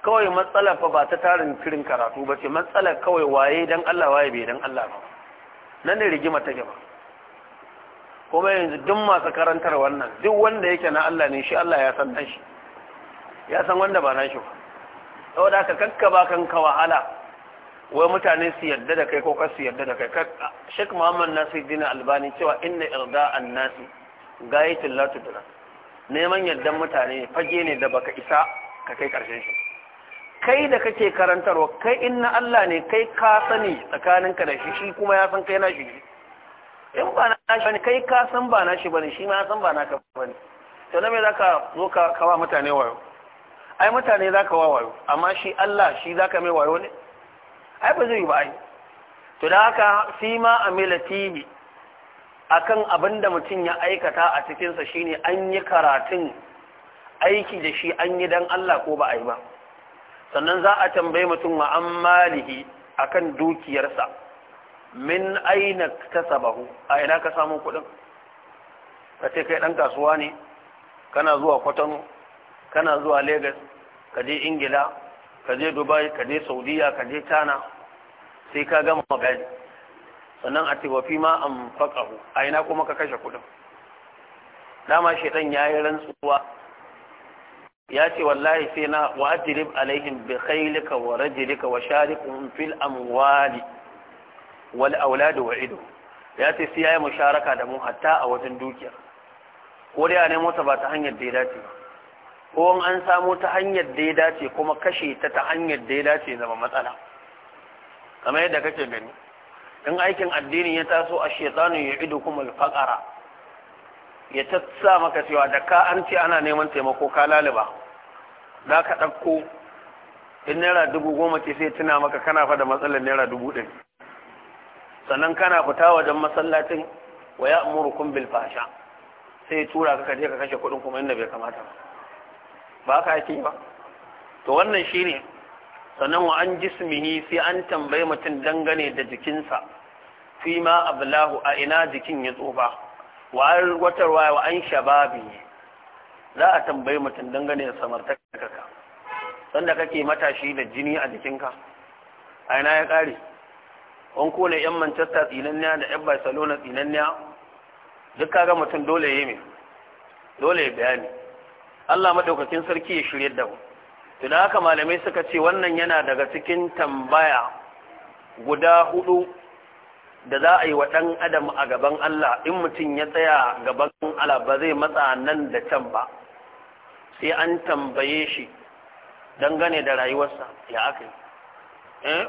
kawai matsala fa ba ta tarin firin karatu ba ce matsala kawai waye dan Allah waye bai dan Allah ba nan ne rigima ta gaba kuma yanzu duk masu karantar wannan duk wanda yake na Allah ne shi Allah ya san nashi ya san wanda ba nashi ba saboda ka kakka ba kanka wahala wai mutane su yarda da kai ko ka su yarda da kai Sheikh Muhammad Nasiruddin Albani cewa inna irda'an nasi gayatul la tudra neman yardan mutane fage ne da baka isa ka kai karshen shi kai da kake karantarwa kai inna Allah ne kai ka sani tsakanin ka da shi shi kuma ya san kai na shi in ba na shi bane kai ka san ba na shi bane shi ma ya san ba na ka bane to na me zaka zo ka kawa mutane wayo ai mutane zaka wa wayo amma shi Allah shi zaka mai wayo ne ai ba zai ba ai to da haka fi ma amila tibi akan abin da mutum ya aikata a cikinsa shine an yi karatun aiki da shi an yi dan Allah ko ba a ba sannan za a tambaye mutum wa an malihi akan dukiyarsa min aina tasabahu a ina ka samu kuɗin ka ce kai ɗan kasuwa ne kana zuwa kwatano kana zuwa Legas, ka je ingila ka je dubai ka je saudiya ka je Tana sai ka gama magani sannan a ce wafi ma an faƙahu a ina kuma ka kashe kuɗin dama shaitan ya yi rantsuwa ya ce wallahi sai na wa ajrib alaihim bi khaylika wa rajlika wa sharikum fil amwali wal aulad wa idu ya ce sai yi musharaka da mu hatta a wajen dukiya ko dai a nemo ta ba ta hanyar da ya dace ba ko an samu ta hanyar da ya dace kuma kashe ta ta hanyar da ya dace zama matsala kamar yadda kake gani in aikin addini ya taso a shaitanu ya idu kuma faƙara ya ta sa maka cewa da ka an ce ana neman taimako ka laliba za ka ɗauko in naira dubu goma ce sai tuna maka kana fa matsalar naira dubu ɗin sannan kana fita wajen masallacin wa ya amurukum bil sai tura ka kaje ka kashe kuɗin kuma inda bai kamata ba ba ka ake ba to wannan shi ne. sannan wa an jismihi sai an tambayi mutum dangane da jikinsa fi ma ablahu a ina jikin ya tsofa wa an watarwa wa an shababi za a tambayi mutum dangane da samartakaka sanda kake matashi da jini a jikinka a ina ya kare an kone yan manchester tsinanniya da yan barcelona tsinanniya duk kaga mutum dole ya yi dole ya bayani Allah madaukakin sarki ya shirya da mu to da haka malamai suka ce wannan yana daga cikin tambaya guda hudu da za a yi wa ɗan adam a gaban Allah in mutum ya tsaya gaban Allah ba zai matsa nan da can ba sai an tambaye shi dangane da rayuwarsa ya aka eh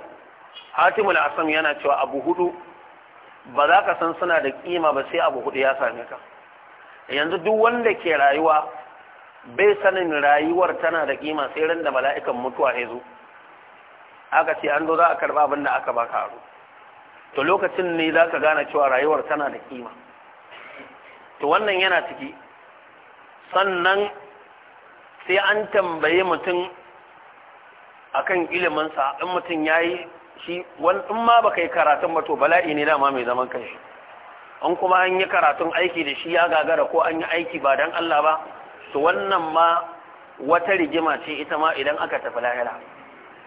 hatimul asam yana cewa abu hudu ba za ka san suna da kima ba sai abu hudu ya same ka yanzu duk wanda ke rayuwa bai sanin rayuwar tana da kima sai ran da mala'ikan mutuwa ya zo aka ce an zo za a karba abin da aka baka aro to lokacin ne za ka gane cewa rayuwar tana da kima to wannan yana ciki sannan sai an tambaye mutum akan iliminsa in mutum ya yi shi in ma baka yi karatun ba to bala'i ne dama mai zaman kanshi in kuma an yi karatun aiki da shi ya gagara ko an yi aiki ba don Allah ba to wannan ma wata rigima ce ita ma idan aka tafi lahira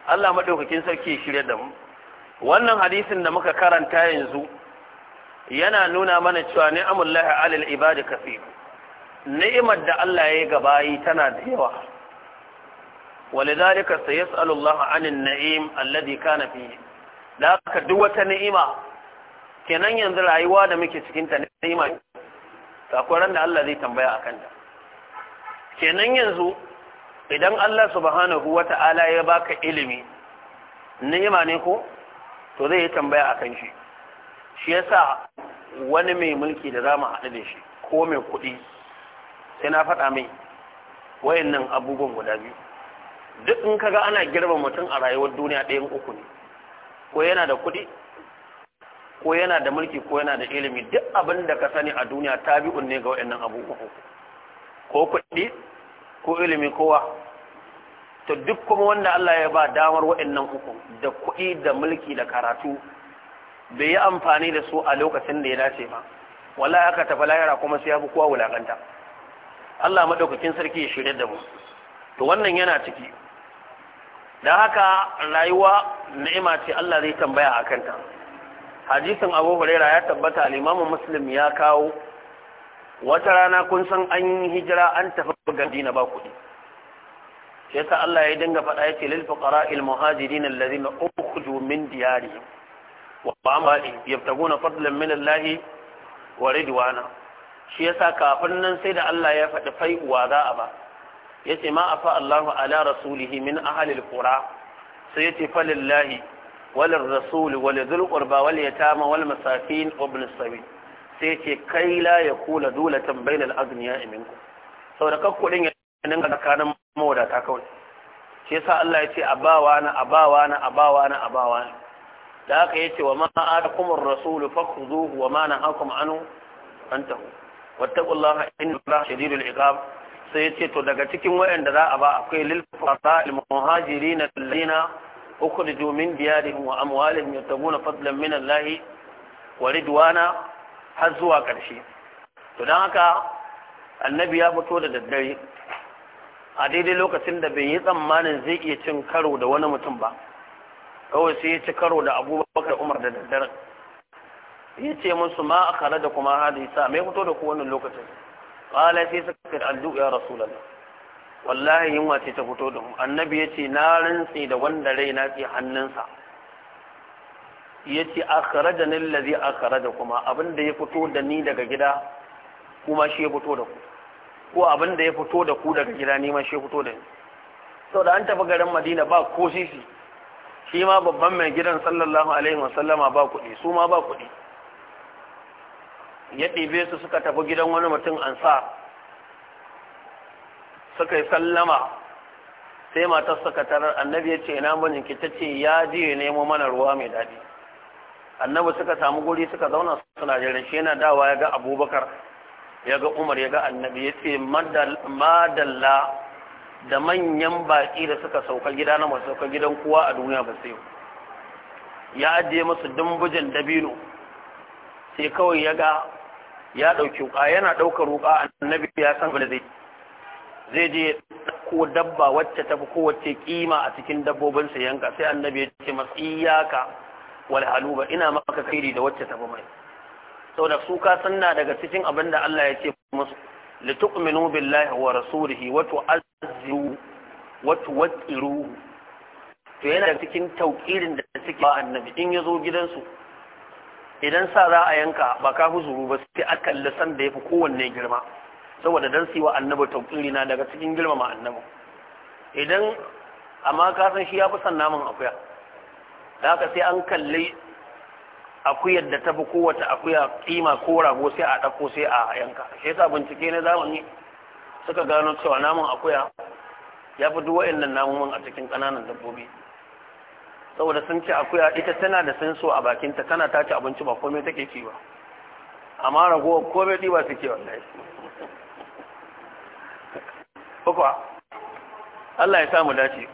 Allah maɗaukakin sarki shirya da mu wannan hadisin da muka karanta yanzu yana nuna mana cewa ni'amullahi alal ibadi kafi ni'imar da Allah ya yi gabayi tana da yawa walidhalika sayas'alu Allah 'anil na'im alladhi kana fihi da haka duk wata ni'ima kenan yanzu rayuwa da muke cikin ta ni'ima ta da Allah zai tambaya a kanta. kenan yanzu idan Allah subhanahu wata'ala ya baka ilimi ni'ima ne ko to zai yi tambaya akan shi shi yasa wani mai mulki da zamu haɗu da shi ko mai kuɗi sai na faɗa mai wayannan abubuwan guda biyu duk in kaga ana girma mutum a rayuwar duniya ɗayan uku ne ko yana da kuɗi ko yana da mulki ko yana da ilimi duk abin da ka sani a duniya tabi'un ne ga wayannan abubuwan uku ko kuɗi ko ilimi kowa to duk kuma wanda Allah ya ba damar waɗannan uku da kuɗi da mulki da karatu bai yi amfani da su a lokacin da ya dace ba wallahi aka tafi lahira kuma sai ya fi kowa wulakanta Allah madaukakin sarki ya shirya da mu to wannan yana ciki da haka rayuwa ni'ima ce Allah zai tambaya a kanta hadisin Abu Huraira ya tabbata al-Imam Muslim ya kawo wata rana kun san an yi hijira an tafi gandina ba kuɗi Sai yasa Allah ya dinga faɗa ya yace lil fuqara al muhajirin alladhina ukhrijoo min diyari. wa ya amalihim yabtaguna fadlan min Allah wa ridwana shi ya sa kafin nan sai da Allah ya faɗi fai wa za a ba Ya ce ma a fa Allah ala rasulihi min ahli al qura sai yace falillahi walil rasul walil qurba wal yatama wal masakin wa ibn sabil sai ce kai la ya kula dulatan bainal agniya iminku saboda kakkudin ya ninka tsakanin mawadata kawai shi yasa Allah ya ce abawa na abawa na abawa na abawa na da aka yi ce wa ma atakum ar-rasul fakhuzuhu wa ma nahakum anhu fantahu wattaqullaha inna allaha shadidul iqab sai ya ce to daga cikin wayanda za a ba akwai lil fasa'il muhajirin alladhina da min diyarihim wa amwalihim yatabuna fadlan min allahi wa ridwana har zuwa ƙarshe to don haka annabi ya fito da daddare a daidai lokacin da bai yi tsammanin zai iya cin karo da wani mutum ba kawai sai ya ci karo da abubakar umar da daddare ya ce musu ma a kare da kuma hadisa mai fito da kowane lokacin ƙala sai suka fi addu ya rasulallah wallahi yunwa ce ta fito da mu annabi ya ce na rantse da wanda rai na ce hannunsa ce yace akhrajani allazi kuma abinda ya fito da ni daga gida kuma shi ya fito da ku ko abinda ya fito da ku daga gida ni ma shi ya fito da ni Sau da an tafi garin Madina ba ko sisi shi ma babban mai gidan sallallahu alaihi wasallama ba kuɗi su ma ba kuɗi ya ɗebe su suka tafi gidan wani mutum sa suka yi sallama sai matar suka tarar annabi ya ce ina mijinki ta ce ya je nemo mana ruwa mai daɗi annabi suka samu guri suka zauna suna jiran shi yana dawa ya ga abubakar ya ga umar ya ga annabi ya ce madalla da manyan baƙi da suka sauka gida na masu sauka gidan kowa a duniya ba sai ya ajiye musu dumbujin dabino sai kawai ya ga ya ɗauki wuƙa yana ɗaukar wuƙa annabi ya san da zai zai je ko dabba wacce tafi kowace kima a cikin dabbobinsa yanka sai annabi ya ce masu iyaka walhaluba ina maka kairi da wacce tafi mai da su ka sanna daga cikin abin da Allah ya ce musu litu'minu billahi wa rasulihi wa tu'azzu wa tuwaqqiruhu to yana daga cikin tauqirin da suke ba annabi in yazo gidansu idan sa za a yanka ba ka huzuru ba sai a kalli san da yafi kowanne girma saboda dan siwa annabi tauqiri na daga cikin girmama annabi idan amma ka san shi ya fi san namun akuya da haka sai an kalli akuyar da ta fi kowace akuya kima ko rago sai a ɗauko sai a yanka shi yasa bincike na zamani suka gano cewa naman akuya ya fi duk wa'annan namun a cikin ƙananan dabbobi saboda sun ce akuya ita tana da sanso a bakinta tana tace abinci ba komai take ci ba amma rago komai ɗiba suke wallahi uku Allah ya samu dace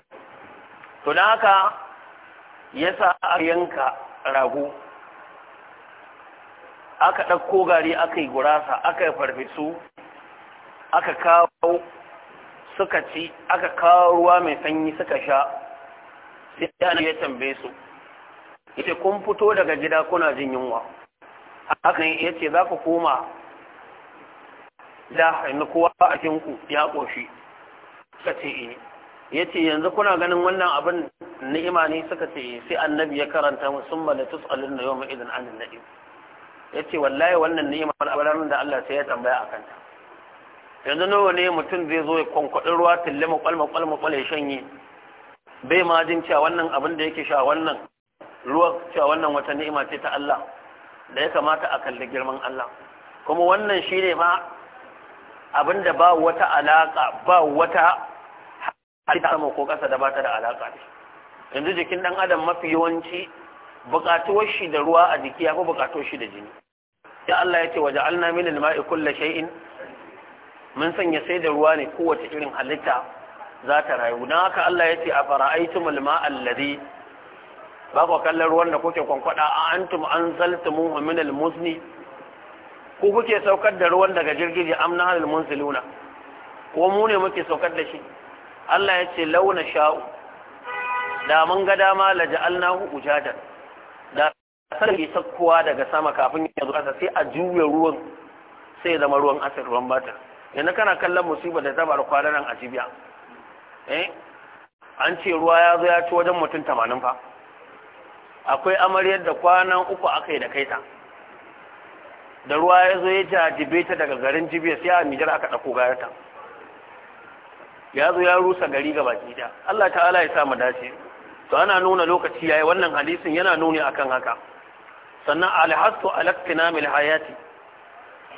to don haka Ya sa aka yanka rago aka ɗauko gari aka yi gurasa aka yi farfesu aka kawo suka ci aka kawo ruwa mai sanyi suka sha sai yana ya tambaye su yace kun fito daga gida kuna jin yunwa ya yace za ku koma da hannu kowa a cikinku ya ƙoshi suka ce eh ya ce yanzu kuna ganin wannan abin ni'ima ne suka ce sai annabi ya karanta sun mala tus'alun na yau idan an nadi ya ce wallahi wannan ni'ima al'abarar da Allah sai ya tambaya a kanta yanzu nawa ne mutum zai zo ya kwankwaɗi ruwa tilli makwal makwal makwal ya shanye bai ma jin cewa wannan abin da yake sha wannan ruwa cewa wannan wata ni'ima ce ta Allah da ya kamata a kalli girman Allah kuma wannan shine ma abin da ba wata alaka ba wata hali ta sama ko ƙasa da ba ta da alaƙa da yanzu jikin ɗan adam mafi yawanci buƙatuwar shi da ruwa a jiki ya fi buƙatuwar shi da jini ya Allah ya ce waje alna min alma'i kulla shay'in mun sanya sai da ruwa ne kowace irin halitta za ta rayu don haka Allah ya ce a fara'aitum alma'a alladhi ba ku kallon ruwan da kuke kwankwada a antum anzaltumuhu min almuzni ku kuke saukar da ruwan daga jirgin amna halal munsiluna ko mu ne muke saukar da shi Allah ya ce launa sha'u da mun ga dama la ja'alnahu ujajar. da sarki sakkowa daga sama kafin ya zo kasa sai a juya ruwan sai ya zama ruwan asir ruwan bata yana kana kallon musibar da ta faru kwanan nan a jibiya eh an ce ruwa ya zo ya ci wajen mutum tamanin fa akwai amaryar da kwanan uku aka yi da kaita da ruwa ya zo ya jajibe ta daga garin jibiya sai a mijar aka ɗauko gayata ya zo ya rusa gari ga baki da Allah ta'ala ya sa mu dace to ana nuna lokaci yayi wannan hadisin yana nuni akan haka sannan alhasu alaktinamil hayati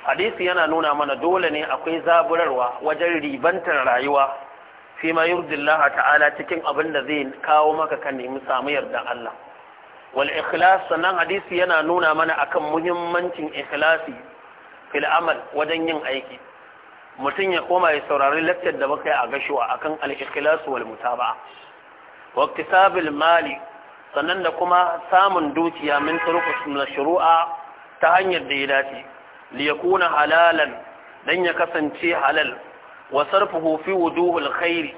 hadisi yana nuna mana dole ne akwai zaburarwa wajen ribantar rayuwa fi ma yurdillah ta'ala cikin abin da zai kawo maka kan nemi samu yardan Allah wal ikhlas sannan hadisi yana nuna mana akan muhimmancin ikhlasi fil amal wajen yin aiki mutum ya koma ya saurari lakcar da muka yi a gashuwa akan al-ikhlasu wal mutaba'a wa iktisabil mali sannan da kuma samun dukiya min turuqus shuru'a ta hanyar da ya dace li kuna halalan dan ya kasance halal wa sarfuhu fi wuduhil khairi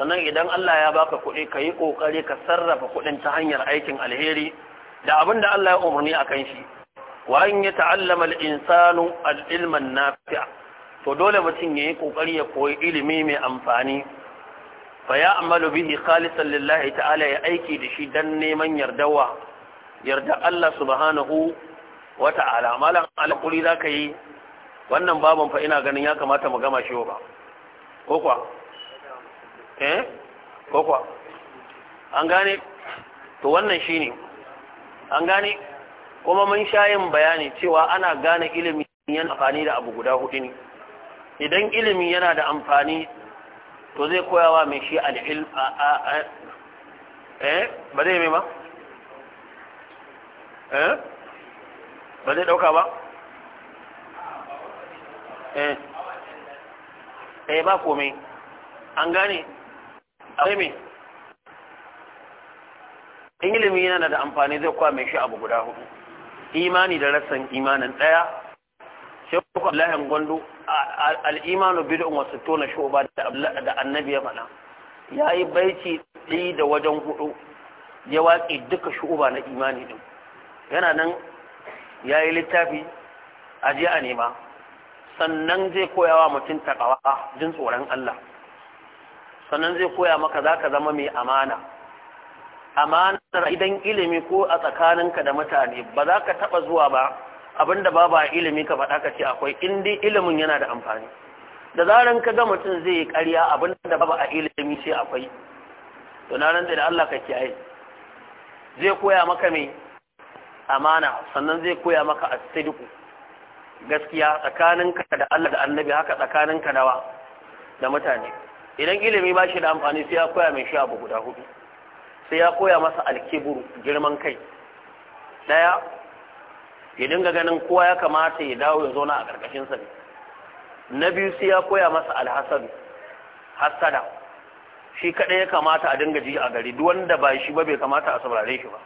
sannan idan Allah ya baka kuɗi ka yi ƙoƙari ka sarrafa kuɗin ta hanyar aikin alheri da abin da Allah ya umarni a kan shi wa an yi ta'allama al'insanu al'ilman nafi'a to dole mutum ya yi ƙoƙari ya koyi ilimi mai amfani fa ya amalu bihi khalisan lillahi ta'ala ya aiki da shi dan neman yardawa yarda Allah subhanahu wa ta'ala malam alƙuri za ka yi wannan baban fa ina ganin ya kamata mu gama shi ba ko kwa eh ko kwa an gane to wannan shine an gane kuma mun sha yin bayani cewa ana gane ilimi yana amfani da abu guda hudu ne idan ilimi yana da amfani to zai koyawa mai shi al'ilm a a a eh ba zai mai ba eh ba zai dauka ba eh eh ba komai an gane zai mai in ilimi yana da amfani zai kwa mai shi abu guda hudu imani da rassan imanin daya sai kuma lahin gwando al'imanu bid'un wa sittuna shuba da annabi ya faɗa yayi baiti ɗaya da wajen hudu ya waƙe duka shuba na imani din yana nan yayi littafi a a nema sannan zai koya wa mutum takawa jin tsoron Allah sannan zai koya maka za ka zama mai amana amana idan ilimi ko a tsakaninka da mutane ba za ka taɓa zuwa ba abinda ba a ilimi ka faɗa ka ce akwai indi ilimin yana da amfani da zaran ka ga mutum zai yi ƙarya abinda ba a ilimi sai akwai to na ran da Allah ka kiyaye zai koya maka mai amana sannan zai koya maka asidiku gaskiya tsakaninka da Allah da annabi haka tsakaninka nawa da mutane idan ilimi ba shi da amfani sai ya koya mai shi abu guda hudu sai ya koya masa alkiburu girman kai daya ya dinga ganin kowa ya kamata ya dawo ya zauna a ƙarƙashin sa na biyu sai ya koya masa alhasadu hasada shi kaɗai ya kamata a dinga ji a gari duk wanda ba shi ba bai kamata a saurare shi ba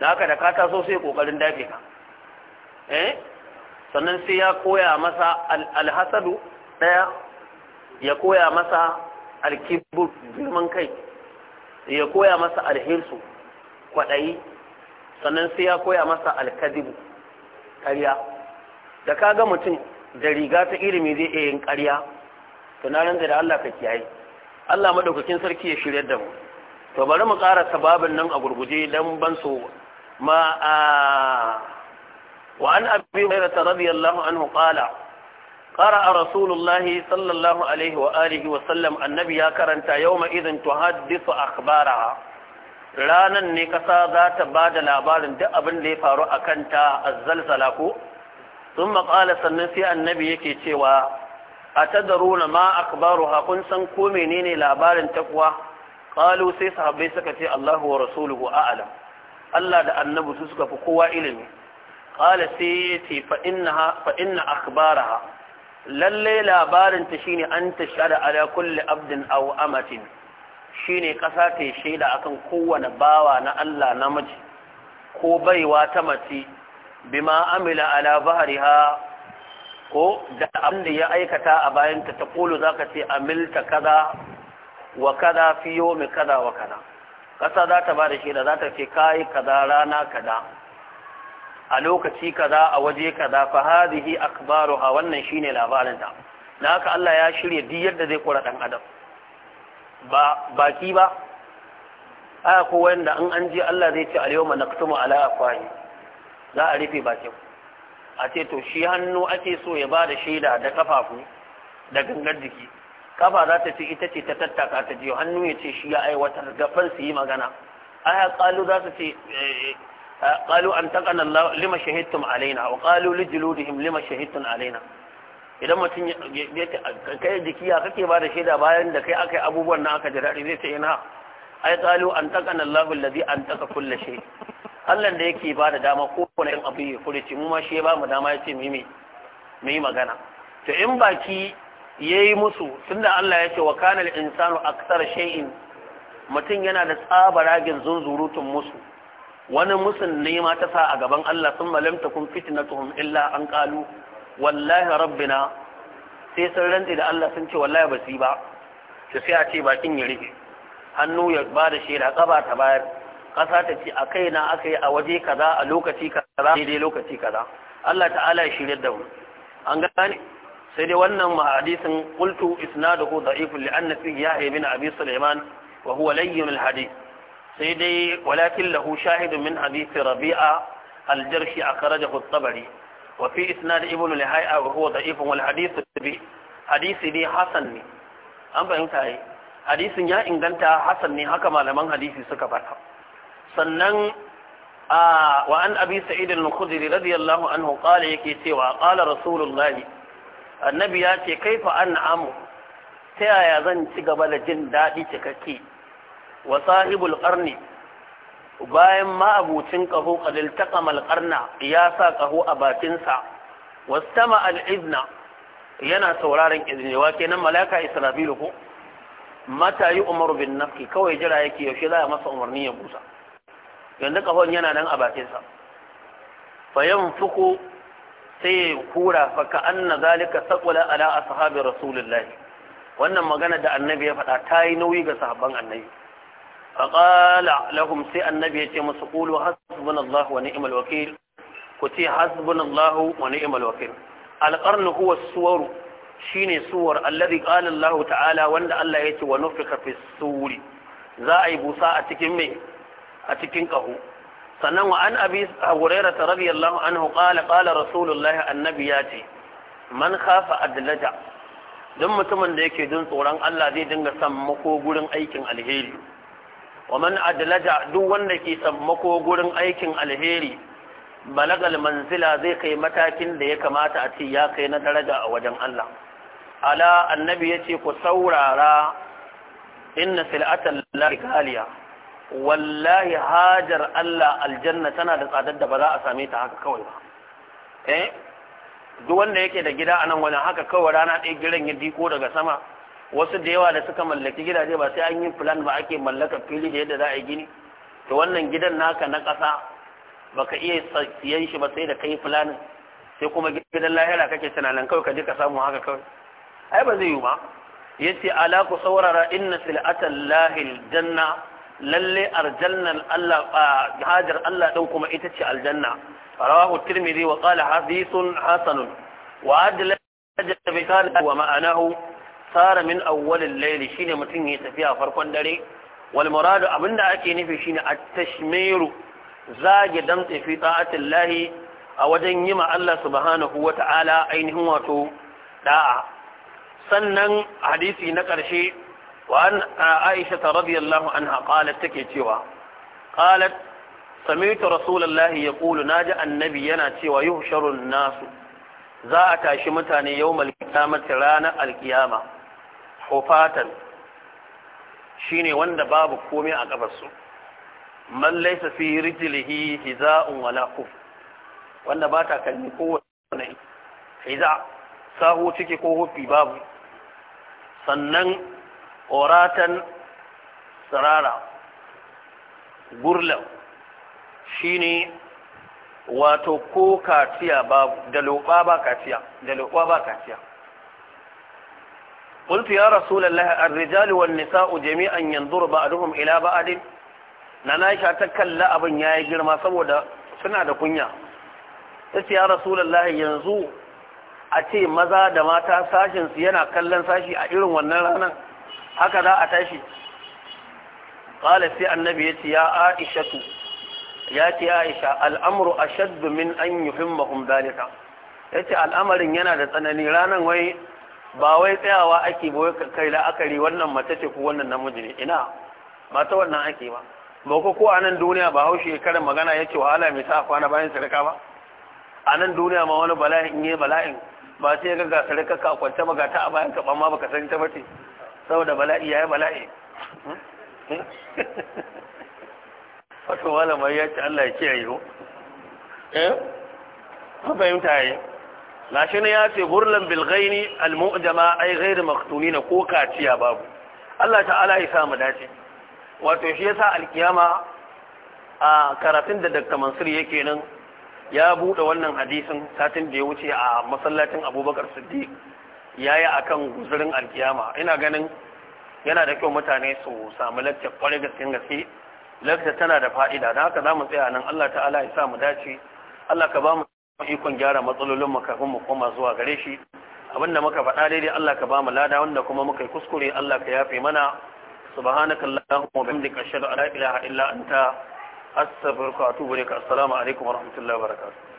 da haka da ka taso sai kokarin dafe ka eh sannan sai ya koya masa alhasadu ɗaya ya koya masa alkibur girman kai ya koya masa alhirsu kwaɗayi sannan sai ya koya masa alkadibu ƙarya da ka ga mutum da riga ta ilimi zai iya yin ƙarya tunanin da Allah ka kiyaye Allah madaukakin sarki ya shirya da mu to bari mu ƙara sababin nan a gurguje dan ban so ma a wa an abi hurairah radiyallahu anhu qala قرأ رسول الله صلى الله عليه وآله وسلم النبي يا كرنتا يومئذ تحدث أخبارها ranan ne ƙasa za ta ba da labarin duk abin da ya faru a kanta a zalzala ko sun maƙala sannan sai annabi yake cewa a ta daruna ma akbaru hakun san ko menene labarin takwa ƙalu sai sahabbai suka ce allahu wa rasuluhu a'alam allah da annabi su suka fi kowa ilimi ƙala sai ya ce fa inna ha. lallai labarinta shine an tashada ala kulli abdin aw amatin shine ƙasa ta shaida akan kowane bawa na Allah namiji ko baiwa ta mace bima amila ala ha? ko da abin da ya aikata a bayanta ta za zaka ce amilta kaza wa kaza fi yawmi kaza wa kaza ƙasa za ta ba da shaida za ta ce kai kaza rana kaza a lokaci kaza a waje kaza fa hadhihi akbaruha wannan shine labarin ta haka Allah ya shirya duk da zai kora ɗan adam ba baki ba aya ko wanda an an Allah zai ce al-yawma naqtumu ala afwahi za a rufe bakin a ce to shi hannu ake so ya bada shaida da kafafu da gangar jiki kafa za ta ce ita ce ta tattaka ta ji hannu ya ce shi ya aiwatar gafan su yi magana aya qalu za su ce قالوا eh, eh, an تقن الله لما شهدتم alaina وقالوا لجلودهم لما شهدتم علينا alaina idan mutum kai jiki ya kake ba da shaida bayan da kai aka yi abubuwan na aka jiraɗi zai ce ina ai kalu an taka na lagun lazi an taka kulle shi allah da yake ba da dama ko kuna yin abu ya furici mu ma shi ya ba mu dama ya ce mimi mai magana to in baki ya yi musu tunda allah ya ce wa kanal insanu aksar shay'in mutum yana da tsabaragin zunzurutun musu wani musun nema ta sa a gaban allah sun malamta kun tuhum illa an kalu wallahi rabbina sai sun rantsi da Allah sun ce wallahi ba su ba to sai a ce bakin ya rufe hannu ya ba da shaida kaba ta bayar kasa ta ce a kaina aka yi a waje kaza a lokaci kaza daidai lokaci kaza Allah ta'ala ya shirya da mu an gane sai dai wannan hadisin qultu isnaduhu da'if li anna fi yahya bin abi sulaiman wa huwa layyin al-hadith sai dai walakin lahu shahidun min hadith rabi'a al-jarshi akhrajahu at-tabari وفي إسناد ابن لهيئة وهو ضعيف والحديث به حديث دي حسن ne an fahimta yi hadisin ya inganta hasan ne haka malaman hadisi suka faɗa sannan a wa an abi sa'id al radiyallahu anhu qala yake cewa ƙala rasulullahi. annabi ya ce kai kaifa an'amu ta yaya zan ci gaba da jin daɗi cikakke wa sahibul ƙarni. bayan ma'abucin ƙaho ta Kamal ƙarna ya sa ƙaho a bakinsa tama al'izna yana sauraron iznewa kenan malaka israilu ko mata yi umaru bin nafki kawai jira yake yaushe za a masa umarni ya busa yanzu ƙahon yana nan a bakinsa fayan fuku sai ya kura fa ka na zalika saqula ala ashabi rasulullahi wannan magana da annabi ya faɗa ta yi nauyi ga sahabban annabi faƙala lahum sai annabi ya ce musu ƙulu hasbun wa ni'mal wakil ku ce hasbun wa ni'mal wakil alƙarnu huwa suwaru shine suwar alladhi qala ta'ala wanda Allah ya ce wa nufika fi suri za a yi busa a cikin me a cikin ƙaho sannan wa an abi hurairah radiyallahu rasulullahi annabi ya ce man khafa don mutumin da yake jin tsoron Allah zai dinga san mako gurin aikin alheri wa man adlaja duk wanda ke sammako gurin aikin alheri balagal manzila zai kai matakin da ya kamata a ce ya kai na daraja a wajen Allah ala annabi yace ku saurara inna sil'atan lahi galiya wallahi hajar Allah aljanna tana da tsadar da ba za a same ta haka kawai ba eh duk wanda yake da gida anan wani haka kawai rana ɗaya giran ya diko daga sama wasu da yawa da suka mallaki gidaje ba sai an yi plan ba ake mallaka fili da yadda za a yi gini to wannan gidan naka na ƙasa ka iya siyan shi ba sai da kai planin sai kuma gidan lahira kake tunanin kawai ka je ka samu haka kawai ai ba zai yi ba yace ala ku saurara inna sil'atan lahil janna lalle aljannan Allah hajar Allah din kuma ita ce aljanna rawahu tirmidhi wa qala hadithun hasanun wa adla bi wa ma'anahu sara min awwalil layli shine mutum ya tafiya farkon dare wal muradu abinda ake nufi shine at-tashmiru zage damtse fi ta'atillahi a wajen yi ma Allah subhanahu waTa'ala ainihin wato da'a sannan hadisi na ƙarshe wa an Aisha ta radiyallahu anha qalat take cewa qalat sami'tu rasulullahi yaqulu ji annabi yana cewa yuhsharun nasu za a tashi mutane yawmal qiyamati ranar alkiyama hufatan ne wanda babu komai a kafarsu man laisa fi rijlihi hiza'un wala kuf wanda ba ta kalli kowane hiza sahu ciki ko hufi babu sannan oratan tsirara gurlan ne wato ko kaciya babu da loɓa ba kaciya da loɓa ba kaciya قلت يا رسول الله الرجال والنساء جميعا ba بعضهم إلى بعض نانا ta kalla abin yayi girma saboda suna da kunya tace ya rasulullahi yanzu a ce maza da mata sashin su yana kallon sashi a irin wannan ranar haka za a tashi qala sai annabi yace ya aishatu ya aisha al'amru ashaddu min an yuhimmahum dalika yace al'amarin yana da tsanani ranar wai ba wai tsayawa ake boye kai la'akari wannan mace ce ko wannan namiji ne ina ba ta wannan ake ba ba ko ko a nan duniya ba ya karin magana ya ce wahala mai sa kwana bayan sarka ba a nan duniya ma wani bala'i in yi bala'in ba sai ga ga sarka ka kwance ba ga ta a bayan ka ba ma baka san ta bace saboda bala'i yayi bala'i wato wala ya ce Allah ya kiyaye ko eh fahimta yayi gashi ne ya ce hurlan bil ghaini al mu'jama ay ko kaciya babu Allah ta'ala ya sa mu dace wato shi yasa alkiyama a karatun da Dr. Mansur yake nan ya bude wannan hadisin satin da ya wuce a masallacin Abubakar Siddiq yayi akan guzurin alkiyama ina ganin yana da kyau mutane su samu lakcin kwarai gaske gaske lakcin tana da fa'ida don haka za mu tsaya nan Allah ta'ala ya sa mu dace Allah ka ba mu ikon gyara matsalolin makafin mu koma zuwa gare shi abinda muka faɗa daidai Allah ka bamu lada wanda kuma muka yi kuskure Allah ka yafe mana subhanaka allahumma wa bihamdika ashhadu an la ilaha illa anta astaghfiruka wa atubu ilaik assalamu alaikum wa rahmatullahi wa barakatuh